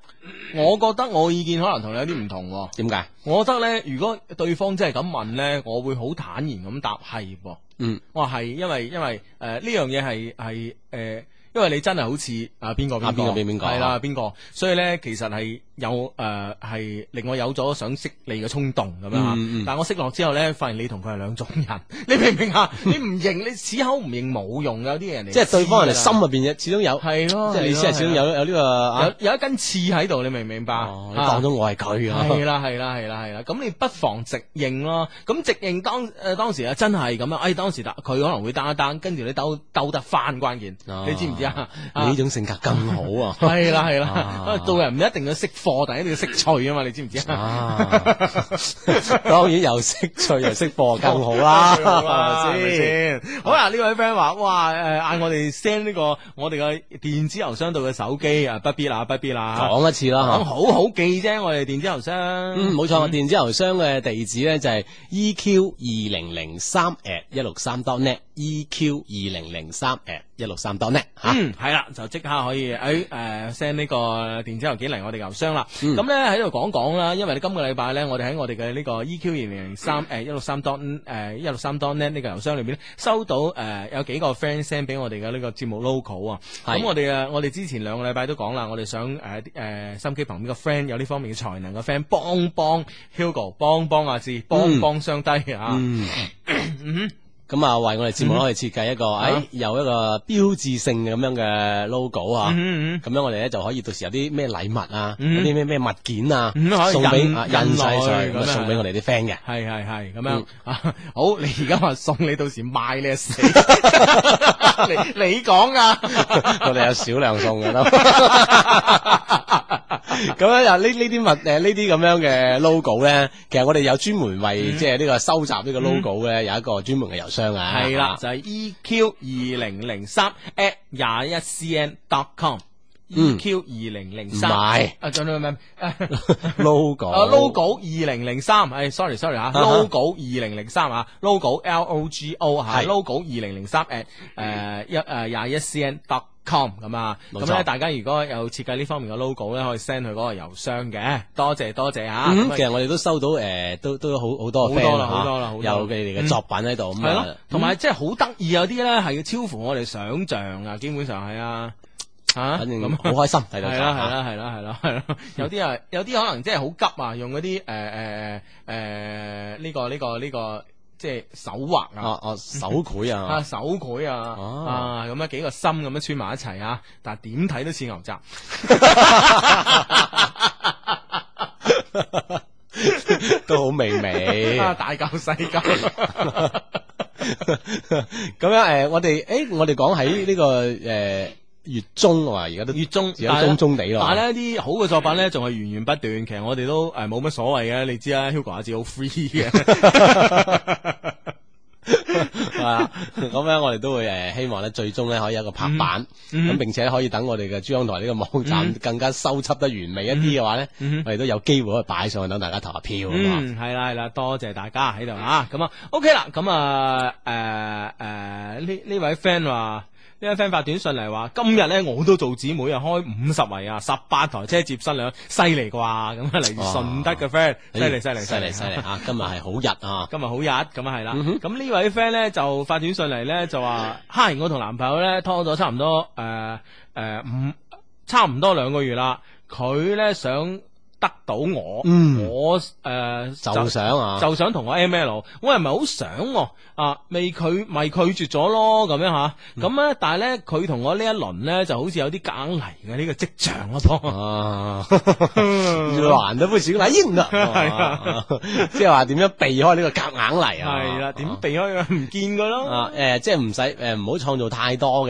我覺得我意見可能同你有啲唔同。啊，點解？我覺得咧，如果對方真係咁問咧，我會好坦然咁答係，嗯，我，我係因為因為誒呢、呃、樣嘢係係誒。因為你真係好似啊邊個邊個邊個邊個係啦邊個，所以咧其實係有誒係、呃、令我有咗想識你嘅衝動咁樣，嗯嗯、但我識落之後咧，發現你同佢係兩種人。你明唔明啊？你唔認，你死口唔認冇用㗎，有啲人嚟，即係對方人哋心入邊始終有係咯，即係你先係始終有有呢個有有一根刺喺度，你明唔明白？你當咗、哦、我係佢、啊，係啦係啦係啦係啦，咁、啊 really no、你不妨直認咯。咁直認當誒當時啊真係咁樣，誒當時佢可能會單一單，跟住你兜兜得返關鍵，你知唔知？啊！Yeah, uh, 你呢種性格更好啊！係啦係啦，啊、做人唔一定要識貨，但一定要識趣啊嘛！你知唔知啊？ 當然又識趣又識貨更好啦、啊，啊哎好啊、 先？好啦、啊，呢位 friend 話：哇誒，嗌、呃、我哋 send 呢個我哋嘅電子郵箱度嘅手機啊，不必啦，不必啦，講一次啦咁好 好記啫！我哋電子郵箱冇、嗯、錯，電子郵箱嘅地址咧就係 eq 二零零三 at 一六三 dot net。EQ 二零零三誒一六三 dotnet 吓，係啦，就即刻可以喺誒 send 呢個電子郵件嚟我哋郵箱啦。咁咧喺度講講啦，因為你今個禮拜咧，我哋喺我哋嘅呢個 EQ 二零零三誒一六三 dot 誒一六三 dotnet 呢個郵箱裏邊咧，收到誒有幾個 friend send 俾我哋嘅呢個節目 logo 啊。咁我哋啊，我哋之前兩個禮拜都講啦，我哋想誒誒心機旁邊嘅 friend 有呢方面嘅才能嘅 friend 幫幫 Hugo 幫幫阿志幫幫雙低啊。咁啊，為我哋節目可以設計一個，誒，有一個標誌性嘅咁樣嘅 logo 啊，咁樣我哋咧就可以到時有啲咩禮物啊，嗰啲咩咩物件啊，送俾印晒上咁送俾我哋啲 friend 嘅，係係係，咁樣啊，好，你而家話送，你到時賣你啊死，你你講啊，我哋有少量送嘅都。咁、啊、樣又呢呢啲物誒，呢啲咁樣嘅 logo 咧，其實我哋有專門為即係呢個收集呢個 logo 咧、嗯，有一個專門嘅郵箱啊，係啦、嗯，吧就係 eq 二零零三 at 廿一 cn.com。嗯，Q 二零零三，啊，l o g o 啊，logo 二零零三，哎，sorry，sorry 啊，l o g o 二零零三啊，logo L O G O 吓，logo 二零零三，at 誒一誒廿一 C N dot com 咁啊，咁咧大家如果有設計呢方面嘅 logo 咧，可以 send 佢嗰個郵箱嘅，多謝多謝吓。嗯嗯、其實我哋都收到誒、呃，都都好好多好多啦，好多啦，好多，多有佢哋嘅作品喺度。係咯，同埋、嗯嗯、即係好得意有啲咧，係要超乎我哋想象啊，基本上係啊。啊，反正咁好開心睇到就係啦，係啦，係啦、啊，係啦、啊，係啦，有啲啊，有啲可能即係好急啊，用嗰啲誒誒誒呢個呢、這個呢、這個即係、這個、手畫啊，哦手繪啊，啊手繪啊，啊咁樣、啊、幾個心咁樣串埋一齊啊，但係點睇都似牛雜，都好微微。啊，大夠細夠，咁樣誒，我哋誒、這個，我哋講喺呢個誒。月中我話而家都中中地，但，但係呢啲好嘅作品咧，仲係源源不斷。其實我哋都誒冇乜所謂嘅，你知啦，Hugo 阿志好 free 嘅。係啊，咁樣我哋都會誒希望咧，最終咧可以有一個拍板，咁並且可以等我哋嘅珠江台呢個網站更加收葺得完美一啲嘅話咧，嗯、 我哋都有機會擺上去，等大家投下票。係啦係啦，多謝大家喺度、嗯嗯 okay, 呃呃、啊！咁啊，OK 啦，咁、呃、啊，誒誒呢呢位 friend 話。呢位 friend 發短信嚟，話今日咧我都做姊妹啊，開五十圍啊，十八台車接新娘，犀利啩？咁啊，嚟自順德嘅 friend，犀利犀利犀利犀利，啊今日係好日啊，今日好日。咁啊係啦，咁呢位 friend 咧就發短信嚟咧就話 Hi，我同男朋友咧拖咗差唔多誒誒、呃呃、五，差唔多兩個月啦，佢咧想。得到我，嗯、我誒、呃、就，就想啊，就想同我 M L，我又唔係好想啊，啊？未拒，咪拒絕咗咯，咁樣吓、啊，咁、嗯、咧、啊，但係咧，佢同我一呢一輪咧，就好似有啲夾硬嚟嘅呢個跡象咯、啊，多還到杯小奶英得，即係話點樣避開呢個夾硬嚟啊？係、呃、啦，點避開佢唔見佢咯？誒，即係唔使誒唔好創造太多嘅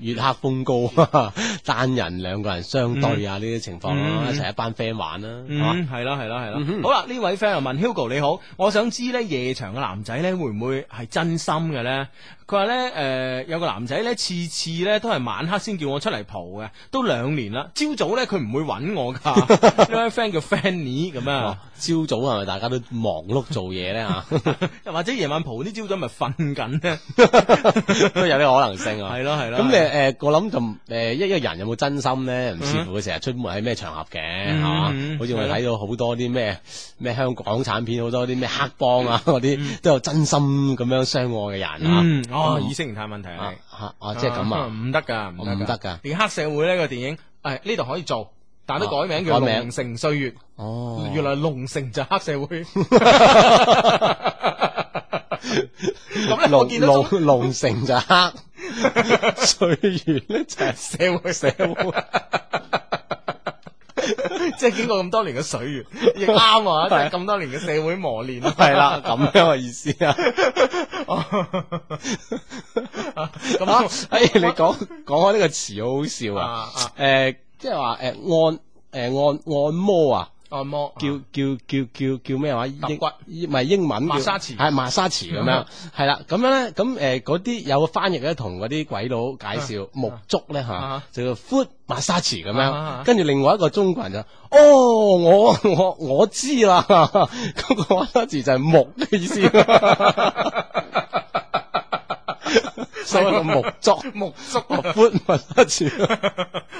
月黑風高單人兩個人相對啊，呢啲情況咯、啊，嗯、一齊一班飛。玩啦，係啦，係啦，係啦。嗯、哼好啦，呢位 friend 問 Hugo，你好，我想知咧夜場嘅男仔咧會唔會係真心嘅咧？佢話咧，誒、呃、有個男仔咧，次次咧都係晚黑先叫我出嚟蒲嘅，都兩年啦。朝早咧佢唔會揾我噶。呢位 friend 叫 Fanny 咁樣。朝、哦、早係咪大家都忙碌做嘢咧？吓，又或者夜晚蒲，啲朝早咪瞓緊咧， 都有啲可能性啊。係咯係咯。咁誒誒，我諗就誒、呃、一一個人有冇真心咧，唔視乎佢成日出門喺咩場合嘅，係嘛、嗯嗯啊？好似我哋睇到好多啲咩咩香港產片，好多啲咩黑幫啊嗰啲、啊，都有真心咁樣相愛嘅人啊。哦，意識形態問題啊！啊，即係咁啊，唔得噶，唔得噶。連黑社會呢個電影，誒呢度可以做，但都改名叫做《龍城歲月》。哦，原來龍城就黑社會。咁咧，我見龍龍城就黑，歲月咧就社會社會。 即係經過咁多年嘅水，亦啱啊！咁 多年嘅社會磨練，係啦，咁樣嘅意思啊！咁啊，哎，你講講開呢個詞好好笑啊！誒、啊，即係話誒按誒、呃、按按，按摩啊！按摩、uh, uh, 叫叫叫叫叫咩話？瓜英骨唔係英文叫馬，馬沙池係馬沙池咁樣，係啦咁樣咧，咁誒嗰啲有個翻譯咧，同嗰啲鬼佬介紹沐足咧吓，啊 uh huh. 就叫 Foot 馬沙池咁樣、uh。跟、huh. 住另外一個中國人就，哦，我我我，我，我知啦，咁 個馬沙池就係木嘅意思。 所謂個木竹 木搬宿，闊，一次，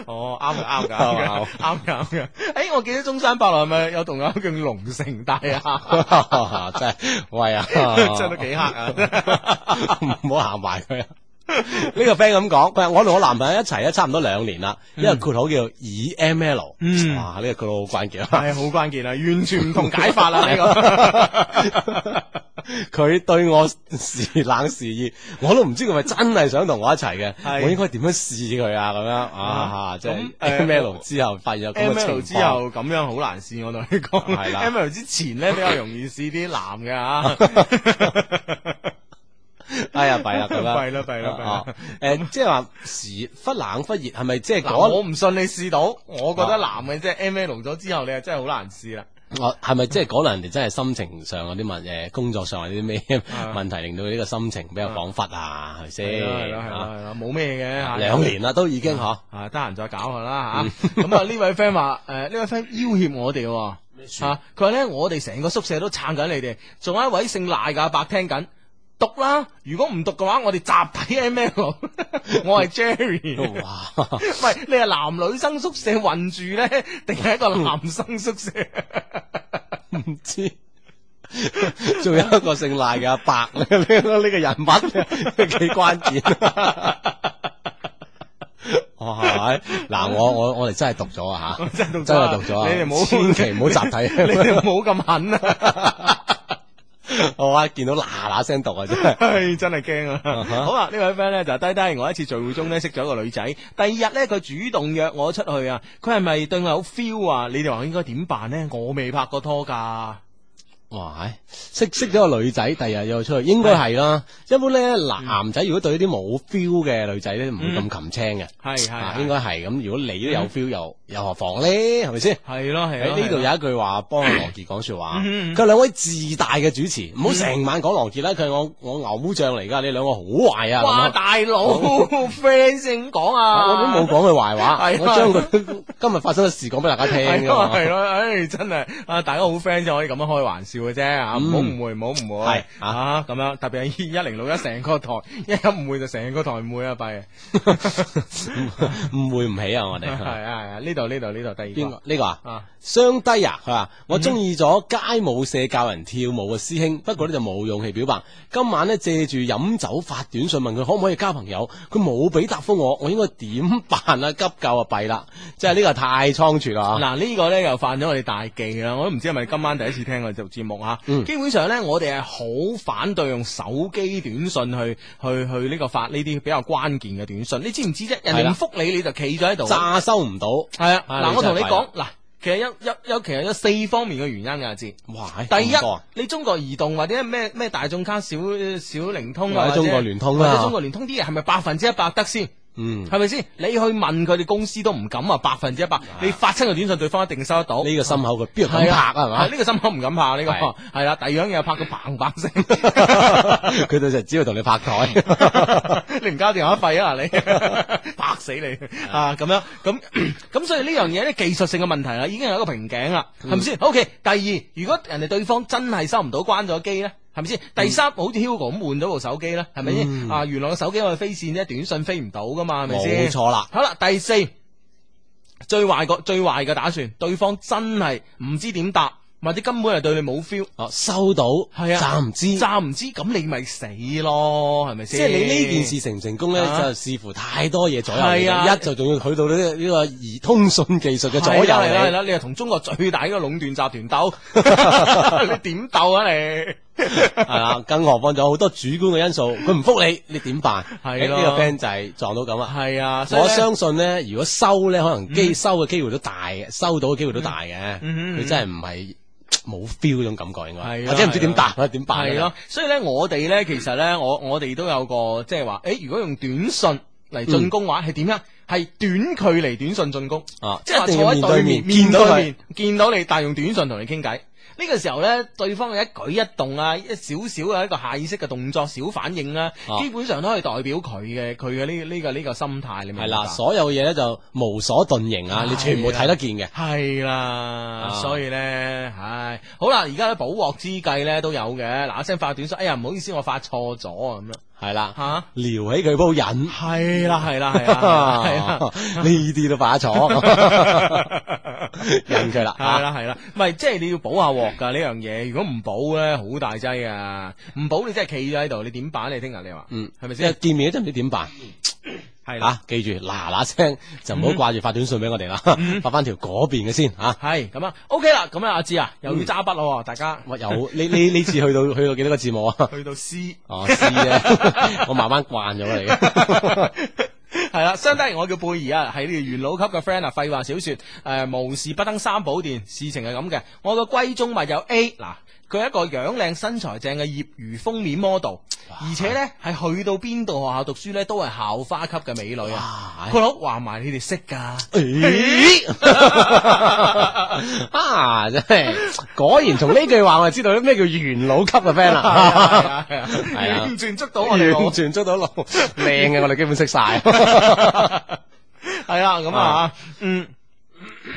哦，啱嘅，啱嘅，啱嘅，啱嘅。誒、哎，我記得中山北路係咪有棟樓叫龍城大廈？ 真係喂啊，真係都幾黑啊！唔好行埋佢。呢 個 friend 咁講，佢話我同我男朋友一齊咧，差唔多兩年啦，因為括號叫 EML，嗯，哇，呢個括號好關鍵啊，係、這、好、個、關鍵啊，完全唔同解法啦呢個。 佢對我時冷時熱，我都唔知佢咪真係想同我一齊嘅，我應該點樣試佢啊？咁樣啊，即係 M L 之後發現咗咁嘅情況之後，咁樣好難試我同你講係啦。M L 之前咧比較容易試啲男嘅啊，哎呀弊啦咁樣弊啦弊啦誒，即係話時忽冷忽熱，係咪即係嗱？我唔信你試到，我覺得男嘅即係 M L 咗之後，你係真係好難試啦。哦，係咪即係可能人哋真係心情上嗰啲問，誒，工作上或者啲咩問題令到呢個心情比較恍惚啊？係咪先？係啦、啊，係啦、啊，冇咩嘅。兩、啊、年啦，都已經嗬、啊啊，啊，得閒再搞佢啦吓。咁 啊，位呃、位啊呢位 friend 話，誒，呢位 friend 要挾我哋吓，佢話咧，我哋成個宿舍都撐緊你哋，仲有一位姓賴噶白聽緊。讀啦！如果唔讀嘅話，我哋集體 M M，我係 Jerry。哇！唔係你係男女生宿舍混住咧，定係一個男生宿舍？唔知。仲有一個姓賴嘅阿伯，呢呢個人物幾關鍵哦，哇，係咪？嗱，我我我哋真係讀咗啊！吓，真係讀咗啊！你哋唔好千祈唔好集體，你哋冇咁狠啊！我啊， 見到嗱嗱聲讀啊，真係，真係驚、 哎、啊！ 好啊， 位朋友呢位 friend 咧就係、低低，我一次聚會中咧識咗個女仔，第二日咧佢主動約我出去啊，佢係咪對我好 feel 啊？你哋話應該點辦咧？我未拍過拖噶。哇！唉，識識咗個女仔，第日又出去，應該係啦。一般咧，男仔如果對啲冇 feel 嘅女仔咧，唔會咁擒青嘅，係係，應該係。咁如果你都有 feel 又又何妨咧？係咪先？係咯係。喺呢度有一句話幫羅傑講說話，佢兩位自大嘅主持，唔好成晚講羅傑啦。佢係我我偶像嚟噶，你兩個好壞啊！大佬，好 friend 先講啊！我都冇講佢壞話，我將佢今日發生嘅事講俾大家聽噶嘛。係咯，唉，真係啊！大家好 friend 就可以咁樣開玩笑。笑嘅啫，嚇唔好誤會，唔好誤會，嚇咁、啊啊、樣，特別係一零六一成個台， 一有誤會就成個台唔會啊，弊， 誤會唔起啊，我哋，係啊係啊，呢度呢度呢度第二個，呢、這個啊，啊雙低啊，佢話、啊、我中意咗街舞社教人跳舞嘅師兄，嗯、哼不過呢就冇勇氣表白，今晚呢，借住飲酒發短信問佢可唔可以交朋友，佢冇俾答覆我，我應該點辦啊？ 急救啊，弊啦，即係呢個太倉促啦嗱呢個咧又犯咗我哋大忌啦，我都唔知係咪今晚第一次聽我做節目。目啊，嗯，基本上咧，我哋係好反對用手機短信去去去呢個發呢啲比較關鍵嘅短信。你知唔知啫？人哋唔覆你，你就企咗喺度，詐收唔到。係的啊，嗱，我同你講，嗱，其實有有有，有，其實有四方面嘅原因噶，我知？哇！第一，你中國移動或者咩咩大眾卡小、小小靈通,或者,通或者中國聯通啦，或者中國聯通啲嘢，係咪百分之一百,百得先？嗯，係咪先？你去問佢哋公司都唔敢啊，百分之一百。你發親個短信，對方一定收得到。呢個心口佢邊度咁拍啊？係嘛，呢個心口唔敢拍呢個，係啦。第二樣嘢拍個砰砰聲，佢哋就只要同你拍台，你唔交電話費啊？你拍死你啊！咁樣咁咁，所以呢樣嘢咧技術性嘅問題啦，已經係一個瓶頸啦，係咪先？OK，第二，如果人哋對方真係收唔到，關咗機咧。係咪先？第三好似 Hugo 咁換咗部手機咧，係咪先？嗯、啊，原來個手機我飛線咧，短訊飛唔到噶嘛，係咪先？冇錯啦。好啦，第四最壞個最壞嘅打算，對方真係唔知點答，或者根本係對你冇 feel、啊。收到，係啊，詐唔知，詐唔知，咁你咪死咯，係咪先？即係你呢件事成唔成功咧，啊、就視乎太多嘢左、啊啊、左右。係啊，一就仲要去到呢呢個移通訊技術嘅左右。係啦係啦，你又同中國最大嘅壟斷集團鬥，你點鬥啊你？係啦，更何況仲有好多主觀嘅因素，佢唔覆你，你點辦？係呢個 friend 就係撞到咁啊。係啊，我相信咧，如果收咧，可能機收嘅機會都大嘅，收到嘅機會都大嘅。佢真係唔係冇 feel 嗰種感覺，應該係啊，或者唔知點答啊，點辦？係咯，所以咧，我哋咧，其實咧，我我哋都有個即係話，誒，如果用短信嚟進攻嘅話，係點啊？係短距離短信進攻啊，即係坐喺對面，面對面見到你，見到你，但係用短信同你傾偈。呢個時候呢，對方嘅一舉一動啊，一少少嘅一個下意識嘅動作、小反應啦、啊，啊、基本上都可以代表佢嘅佢嘅呢呢個呢、呢個心態。你明唔明？係啦，所有嘢呢就無所遁形啊，啦你全部睇得見嘅。係啦，啊、所以呢，唉，好啦，而家啲補鑊之計呢都有嘅，嗱一聲發短信，哎呀，唔好意思，我發錯咗咁啦。係啦，啊、撩起佢煲引，係啦係啦係啦，呢啲都把坐。引佢啦，係啦係啦，唔係 即係你要補下鑊噶呢樣嘢， 如果唔補咧，好大劑噶、啊，唔補你真係企咗喺度，你點辦你聽日你話，嗯，係咪先？見面真你點辦？ 係啦、啊，記住嗱嗱聲就唔好掛住發短信俾我哋啦，嗯、發翻條嗰邊嘅先吓。係咁啊，OK 啦，咁啊，樣 OK、樣阿智啊，又要揸筆咯，大家。嗯、又呢呢呢次去到去到幾多個字母啊？去到 C 哦 C 啫， 我慢慢慣咗嚟嘅。係啦，相對嚟，我叫貝兒啊，係呢個元老級嘅 friend 啊。廢話少說，誒、呃，無事不登三寶殿，事情係咁嘅。我個歸宗物有 A 嗱。佢係一個樣靚身材正嘅業餘封面 model，< 哇 S 1> 而且咧係去到邊度學校讀書咧都係校花級嘅美女啊！佢老話埋你哋識噶，啊真係果然從呢句話我哋知道咩叫元老級嘅 friend 啦！完全捉到我哋，完全捉到路，靚嘅 我哋基本識晒，係啊咁啊， 嗯。嗯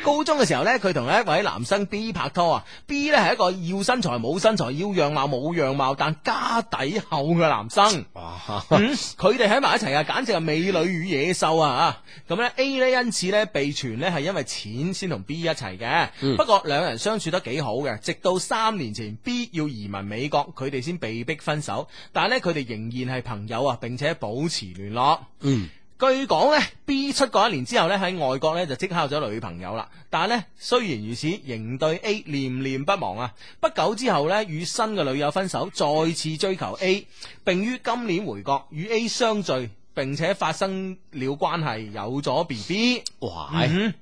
高中嘅時候呢，佢同一位男生 B 拍拖啊。B 呢係一個要身材冇身材，要樣貌冇樣貌，但家底厚嘅男生。佢哋喺埋一齊啊，簡直係美女與野獸啊！咁呢 A 呢，因此呢，被傳呢係因為錢先同 B 一齊嘅。嗯，不過兩人相處得幾好嘅，直到三年前 B 要移民美國，佢哋先被逼分手。但係咧，佢哋仍然係朋友啊，並且保持聯絡。嗯。據講咧，B 出國一年之後咧，喺外國咧就即刻有咗女朋友啦。但係咧，雖然如此，仍對 A 念念不忘啊！不久之後咧，與新嘅女友分手，再次追求 A，並於今年回國與 A 相聚，並且發生了關係，有咗 B B。哇、嗯！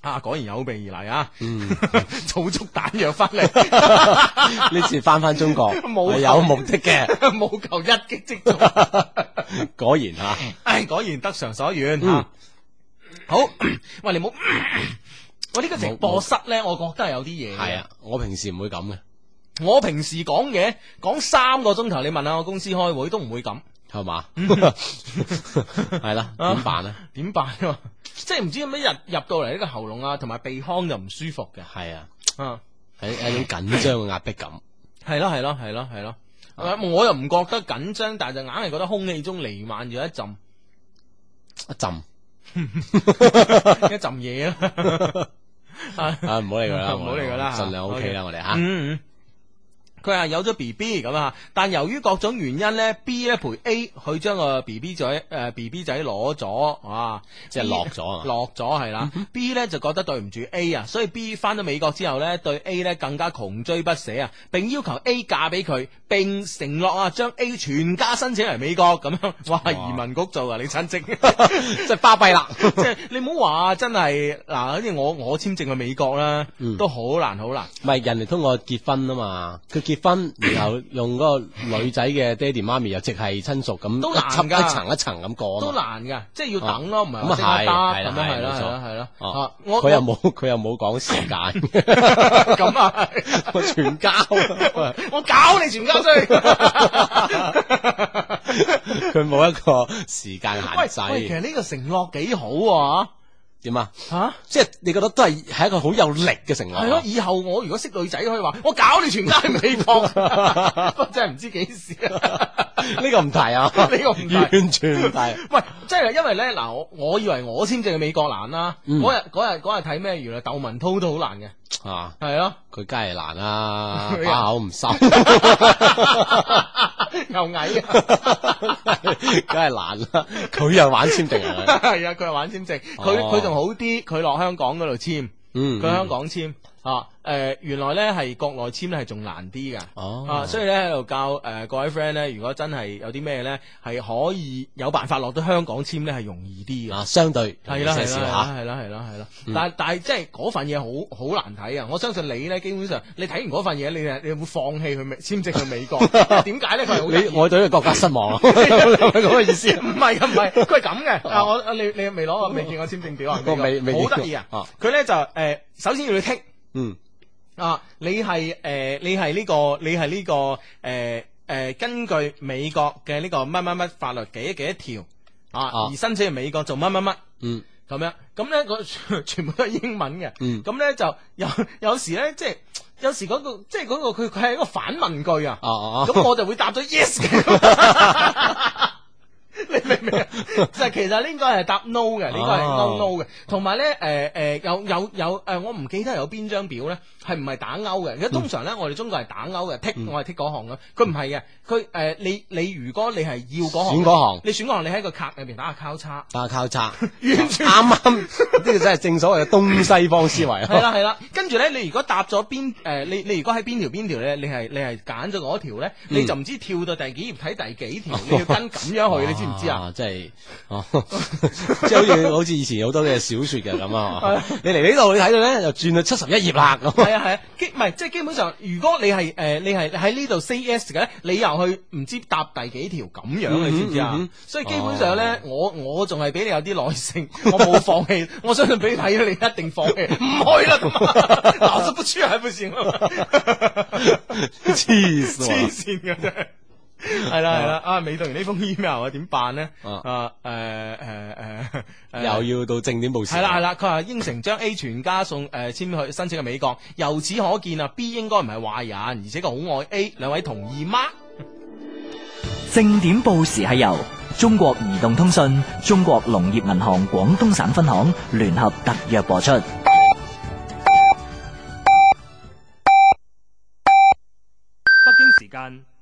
啊！果然有備而嚟啊！嗯，儲足彈藥翻嚟，呢次翻翻中國，冇有目的嘅，冇求一擊即中。果然吓，唉，果然得償所願吓。好，喂，你冇我呢個直播室咧，我覺得係有啲嘢。係啊，我平時唔會咁嘅。我平時講嘢講三個鐘頭，你問下我公司開會都唔會咁，係嘛？係啦，點辦啊？點辦啊？即係唔知點解入入到嚟呢個喉嚨啊，同埋鼻腔就唔舒服嘅。係啊，嗯，係一種緊張嘅壓迫感。係咯係咯係咯係咯，我又唔覺得緊張，但係就硬係覺得空氣中彌漫住一浸一浸一浸嘢啊！啊唔好理佢啦，唔好理佢啦，盡量 O K 啦，我哋吓。佢係有咗 B B 咁啊，但由於各種原因咧，B 咧陪 A 去將個 B B 仔誒 B B 仔攞咗啊，即係落咗落咗係啦。啦嗯、哼 B 咧就覺得對唔住 A 啊，所以 B 翻到美國之後咧，對 A 咧更加窮追不捨啊，並要求 A 嫁俾佢，並承諾啊將 A 全家申請嚟美國咁樣，哇！哇移民局做啊，你親戚即係巴閉啦，即係你唔好話真係嗱，好似我我簽證去美國啦，都好難好難。唔係、嗯、人哋通過結婚啊嘛，結婚，然後用嗰個女仔嘅爹哋媽咪又直系親屬咁，都難噶，一層一層咁過，都難噶，即係要等咯，唔係咁係，係係啦，係啦，係咯，佢又冇佢又冇講時間，咁啊，我全家！我搞你全家先，佢冇一個時間限制。喂，其實呢個承諾幾好啊。點啊？吓，即係你覺得都係係一個好有力嘅承諾。係咯、啊，以後我如果識女仔，可以話我搞你全家美國，真係唔知幾時啊。呢 個唔提啊，呢個 完全唔提、啊。喂， 即係因為咧，嗱，我我以為我簽證嘅美國難啦，嗰日嗰日嗰日睇咩娛樂，竇文濤都好難嘅，係啊，佢梗係難啦，把口唔深，又矮的，梗係難啦、啊，佢、 啊啊、又玩簽證、啊、 證，係啊， 佢又玩簽證，佢佢仲好啲，佢落香港嗰度簽，嗯，佢香港簽。啊，誒、呃，原來咧係國內簽咧係仲難啲㗎，哦、啊，所以咧喺度教誒、呃、各位 friend 咧，如果真係有啲咩咧，係可以有辦法落到香港簽咧係容易啲嘅、啊，相對係啦係啦係啦係啦係啦，但係但係即係嗰份嘢好好難睇啊！我相信你咧，基本上你睇完嗰份嘢，你係你，你會放棄去簽證去美國？點解咧？你我對呢個國家失望啊？係咁嘅意思？唔係唔係，佢係咁嘅。啊我你你未攞，未見我簽證表啊？個未未好得意啊！佢咧就誒、呃，首先要你聽。嗯啊，你係誒、呃，你係呢個，你係呢個誒誒、呃呃，根據美國嘅呢個乜乜乜法律幾一幾一條啊，啊而申請去美國做乜乜乜嗯，咁樣咁咧，嗰個全部都係英文嘅，嗯，咁咧就有有時咧，即係有時嗰個即係嗰個佢佢係一個反問句啊，咁我就會答咗 yes 嘅。啊。 你明唔明啊？就其實呢個係答 no 嘅，呢個係 no no 嘅。同埋咧，誒、呃、誒有有有誒，我唔記得有邊張表咧係唔係打勾嘅。而家通常咧，我哋中國係打勾嘅剔、嗯、我係剔嗰行咯。佢唔係嘅，佢誒、呃、你你如果你係要嗰行，選嗰行，你選嗰行，你喺個卡入邊打個交叉，打個交叉，完全啱啱呢個真係正所謂嘅東西方思維。係啦係啦，跟住咧，你如果答咗邊誒，你你,你如果喺邊條邊條咧，你係你係揀咗嗰條咧，你就唔知跳到第幾頁睇第幾條，你要跟咁樣去。啊啊啊 知唔知啊？即係、啊 啊啊，即係好似好似以前好多嘅小說嘅咁啊！你嚟呢度你睇到咧，又轉到七十一頁啦咁。係啊係啊，基唔係即係基本上，如果你係誒、呃、你係喺呢度 CS 嘅咧，你又去唔知搭第幾條咁樣，你知唔知啊？嗯、所以基本上咧、啊，我我仲係俾你有啲耐性，我冇放棄。 我相信俾你睇咗，你一定放棄，唔去啦，留足 不穿喺邊先。氣死黐線嘅真係。 經的 係啦係啦，啊，未讀完呢封 email 啊，點辦呢？啊誒誒誒，啊啊啊啊，又要到正點報時。係啦係啦，佢話應承將 A 全家送誒簽、呃、去申請去美國，由此可見啊，B 應該唔係壞人，而且佢好愛 A，兩位同意嗎？正點報時係由中國移動通信、中國農業銀行廣東省分行聯合特約播出，北京時間。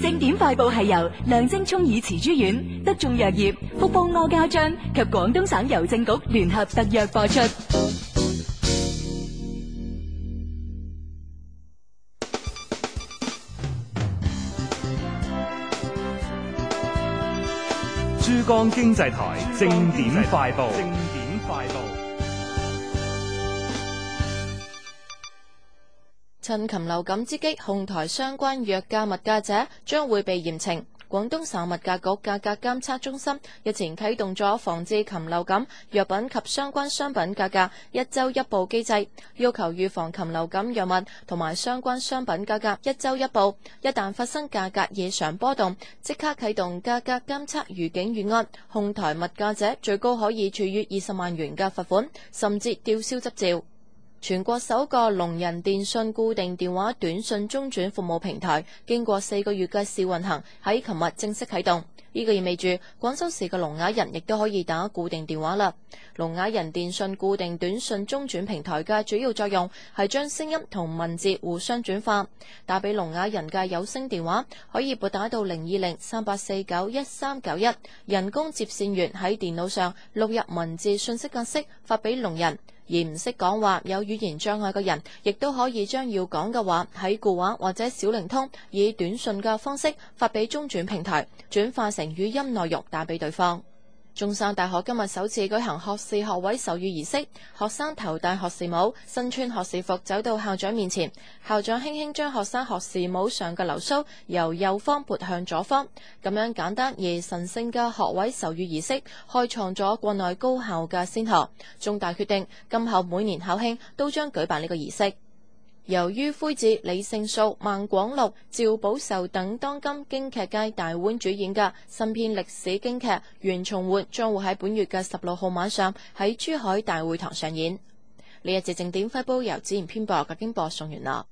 正點快報係由亮晶聰、耳慈珠丸、德眾藥業、復方阿膠漿及廣東省郵政局聯合特約播出。珠江經濟台正點快報。正點快報。趁禽流感之機哄抬相關藥價物價者將會被嚴懲。廣東省物價局價格監測中心日前啟動咗防治禽流感藥品及相關商品價格一週一報機制，要求預防禽流感藥物同埋相關商品價格一週一報。一旦發生價格異常波動，即刻啟動價格監測預警預案，哄抬物價者最高可以處於二十萬元嘅罰款，甚至吊銷執照。全國首個聾人電信固定電話短信中轉服務平台經過四個月嘅試運行，喺琴日正式啟動。呢個意味住廣州市嘅聾啞人亦都可以打固定電話啦。聾啞人電信固定短信中轉平台嘅主要作用係將聲音同文字互相轉化。打俾聾啞人嘅有聲電話可以撥打到零二零三八四九一三九一，91，人工接線員喺電腦上錄入文字信息格式發俾聾人。而唔識講話、有語言障礙嘅人，亦都可以將要講嘅話喺固話或者小靈通以短信嘅方式發俾中轉平台，轉化成語音內容打俾對方。中山大學今日首次舉行學士學位授予儀式，學生頭戴學士帽，身穿學士服，走到校長面前，校長輕輕將學生學士帽上嘅流蘇由右方撥向左方，咁樣簡單而神聖嘅學位授予儀式開創咗國內高校嘅先河。中大決定，今後每年校慶都將舉辦呢個儀式。由於灰子、李勝素、孟廣祿、趙寶壽等當今京劇界大腕主演嘅新編歷史京劇袁松《袁崇煥》，將會喺本月嘅十六號晚上喺珠海大會堂上演。呢一節正點快報由子賢編播嘅經播送完啦。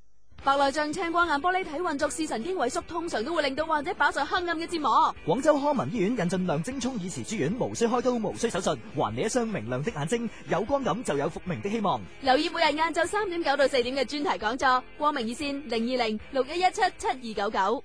白內障、青光眼、玻璃體混濁、視神經萎縮，通常都會令到患者飽受黑暗嘅折磨。廣州康民醫院引進量精聰耳形住院，無需開刀，無需手術，還你一雙明亮的眼睛。有光感就有復明的希望。留意每日晏晝三點九到四點嘅專題講座，光明熱線零二零六一一七七二九九。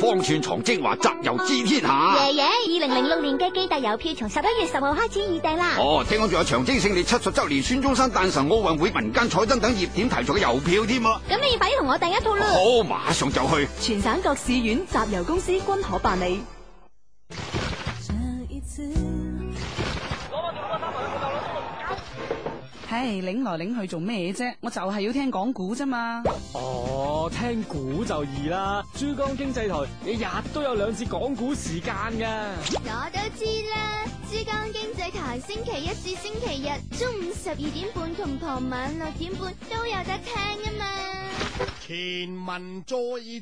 方寸藏精華，集郵知天下。啊，爺爺，二零零六年嘅紀念郵票從十一月十號開始預訂啦。哦，聽講仲有長征勝利七十週年、孫中山誕辰、奧運會、民間彩燈等熱點題材嘅郵票添。咁你快啲同我訂一套啦。好，馬上就去。全省各市、縣集郵公司均可辦理。唉，擰來擰去做咩啫？我就係要聽講古啫嘛。哦，聽古就易啦。珠江經濟台，你日都有兩次講古時間噶。我都知啦，珠江經濟台星期一至星期日中午十二點半同傍晚六點半都有得聽啊嘛。前文再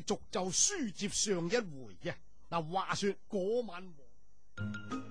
續，就書接上一回嘅嗱，話說嗰晚。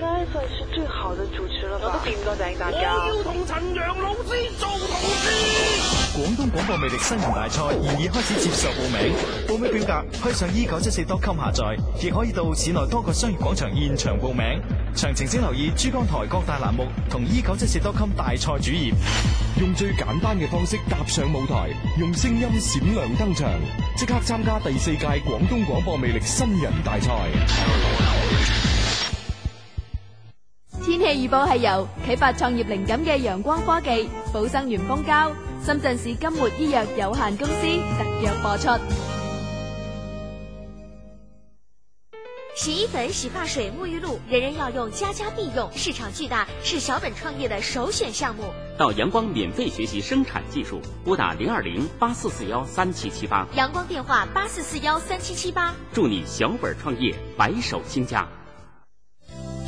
算是最好的主持了吧？我都點到頂大家。我要同陳揚老師做同事。廣東廣播魅力新人大賽已開始接受報名，報名表格可以上 1974.com 下載，亦可以到市內多個商業廣場現場報名。詳情請留意珠江台各大欄目同 1974.com 大賽主頁。用最簡單嘅方式踏上舞台，用聲音閃亮登場，即刻參加第四屆廣東廣播魅力新人大賽。天氣預報係由啟發創業靈感嘅陽光科技、寶生源蜂膠、深圳市金末醫藥有限公司特約播出。洗衣粉、洗髮水、沐浴露，人人要用，家家必用，市場巨大，是小本創業的首選項目。到陽光免費學習生產技術，撥打零二零八四四幺三七七八。陽光電話八四四幺三七七八。祝你小本創業，白手興家。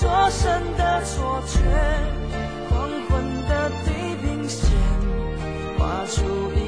灼身的錯覺，黃昏的地平線，劃出一。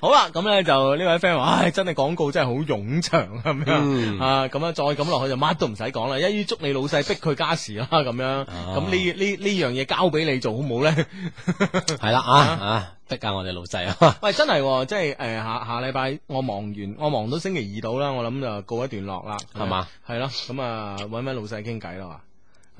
好啦，咁咧就呢位 friend 話，唉、哎，真係廣告真係好冗長咁樣啊，咁樣再咁落去就乜都唔使講啦，一於捉你老細逼佢加時啦，咁樣，咁呢呢呢樣嘢交俾你做好唔好咧？係啦、啊，啊逼啊，得噶我哋老細啊，喂，真係、哦、即係誒、呃、下下禮拜我忙完，我忙到星期二到啦，我諗就告一段落啦，係嘛吧，係咯，咁、嗯、啊搵位老細傾偈啦嘛。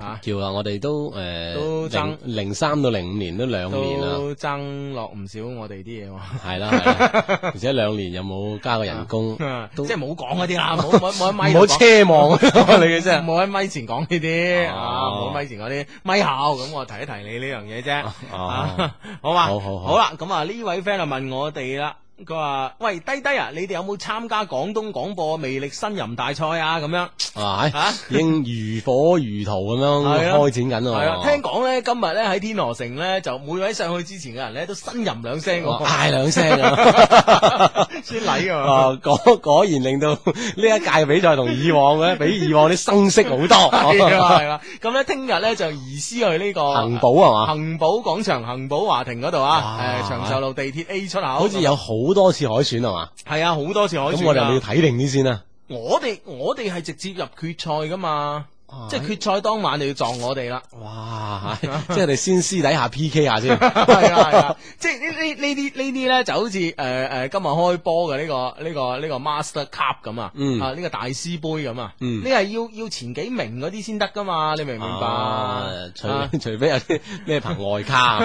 啊，叫啊！我哋都誒，都爭零三到零五年都兩年啦，都爭落唔少我哋啲嘢喎。係啦，係啦，而且兩年有冇加個人工？都即係冇講嗰啲啦，冇冇喺咪，冇奢望你嘅啫。冇喺咪前講呢啲啊，冇咪前講啲咪後，咁我提一提你呢樣嘢啫。啊，好嘛，好，好，好啦。咁啊，呢位 friend 啊問我哋啦。佢話：喂，低低啊！你哋有冇參加廣東廣播魅力呻吟大賽啊？咁樣啊，吓，應如火如荼咁樣開展緊咯。係啊，聽講咧，今日咧喺天河城咧，就每位上去之前嘅人咧都呻吟兩聲，大嗌兩聲啊，宣禮啊啊，果果然令到呢一屆比賽同以往咧，比以往啲生色好多。係啦，咁咧聽日咧就移師去呢個恒寶係嘛？恒寶廣場、恒寶華庭嗰度啊，誒，長壽路地鐵 A 出口，好似有好。好多次海選係嘛？係啊，好多次海選。我哋要睇定啲先啊！我哋我哋係直接入決賽噶嘛，哎、即係決賽當晚就要撞我哋啦。哇！即係你先私底下 P K 下先。係 啊係啊，啊！即係呢呢呢啲呢啲咧就好似誒誒，今日開波嘅呢個呢、這個呢、這個 Master Cup 咁、嗯、啊，啊、這、呢個大師杯咁啊，呢係、嗯、要要前幾名嗰啲先得噶嘛？你明唔明白、啊？除除，除非有啲咩憑外卡，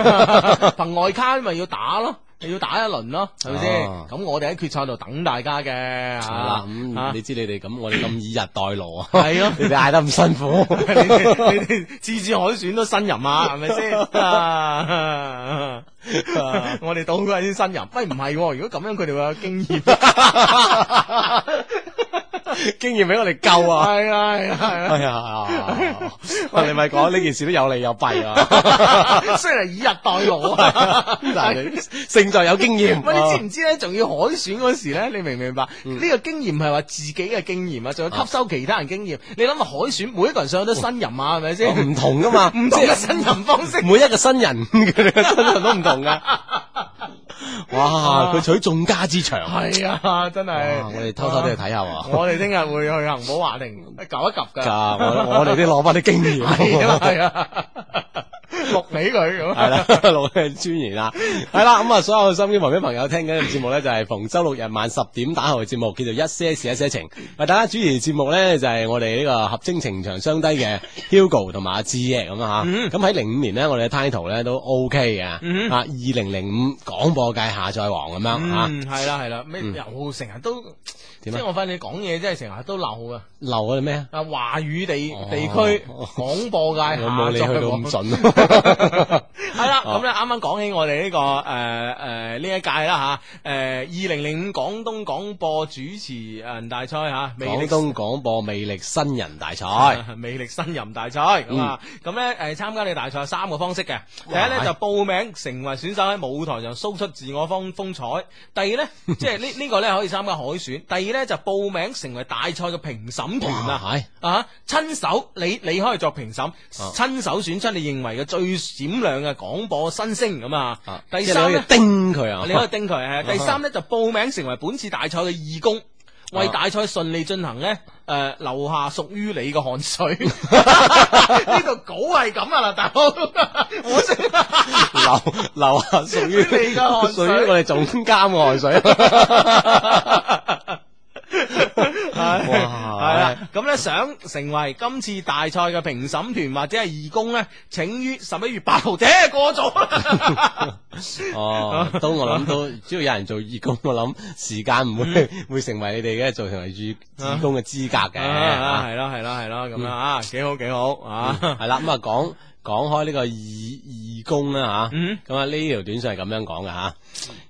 憑 外卡咪要打咯。要打一輪咯，係咪先？咁我哋喺決賽度等大家嘅啦，咁你知你哋咁，啊、我哋咁以逸待勞啊。係咯，你哋嗌得咁辛苦， 你哋次次海選都新人啊，係咪先？ 我哋倒嗰啲新人，喂，唔係？如果咁樣，佢哋會有經驗。 經驗俾我哋救啊！係啊係啊係啊！喂，你咪講呢件事都有利有弊啊！雖然以日代月，但係勝在有經驗。喂，你知唔知咧？仲要海選嗰時咧？你明唔明白？呢個經驗係話自己嘅經驗啊，仲要吸收其他人經驗。你諗下海選，每一個人上都新人啊，係咪先？唔同噶嘛，唔同嘅新人方式，每一個新人佢哋嘅新人都唔同噶。哇！佢取眾家之長，係啊！真係，我哋偷偷哋去睇下。我哋聽日會去恒寶華庭，急 一及噶。 我我哋啲攞翻啲經驗。係啊。錄俾佢咁，係啦，錄佢尊嚴啦。係啦，咁啊，所有收音機旁邊朋友聽緊節目咧，就係逢周六日晚十點打後嘅節目，叫做一些事一些情。為大家主持節目咧，就係我哋呢個合稱情長相低嘅 Hugo 同埋阿志耶咁啊吓。咁喺零五年咧，我哋嘅 title 咧都 OK 嘅。啊、嗯，二零零五廣播界下載王咁樣吓。係啦係啦，咩又成日都點啊？即係我發覺你講嘢真係成日都漏，漏啊，漏啊咩啊？啊，華語地地區廣播界下載王。 我冇理佢到咁準。係啦，咁咧啱啱講起我哋呢、這個誒誒呢一屆啦吓，誒二零零五廣東廣播主持人大賽吓，廣東廣播魅力新人大賽，啊，魅力新人大賽咁、嗯、啊，咁咧誒參加你大賽有三個方式嘅，第一咧哇 就報名成為選手喺舞台上輸出自我風風采，第二咧 即係呢呢個咧可以參加海選，第二咧就報名成為大賽嘅評審團啊，係啊親手你你，你可以作評審，親手選出你認為嘅。最閃亮嘅廣播新星咁啊！第三咧叮佢啊，你可以叮佢係、啊。第三咧就報名成為本次大賽嘅義工，為大賽順利進行咧，誒、呃、留下屬於你嘅汗水。呢度稿係咁啊，大佬，我姓留留下屬於你屬於我哋總監嘅汗水。 係啦，咁咧哇 想成為今次大賽嘅評審團或者係義工咧，請於十一月八號，即係過咗。 哦，都我諗到，只要有人做義工，我諗時間唔會 會成為你哋嘅做成為義工嘅資格嘅。係咯，係咯，係咯，咁樣啊，幾好，幾好啊，係啦、嗯，咁啊講。講開呢個義義工啦吓，咁、mm hmm. 啊，呢條短信係咁樣講嘅吓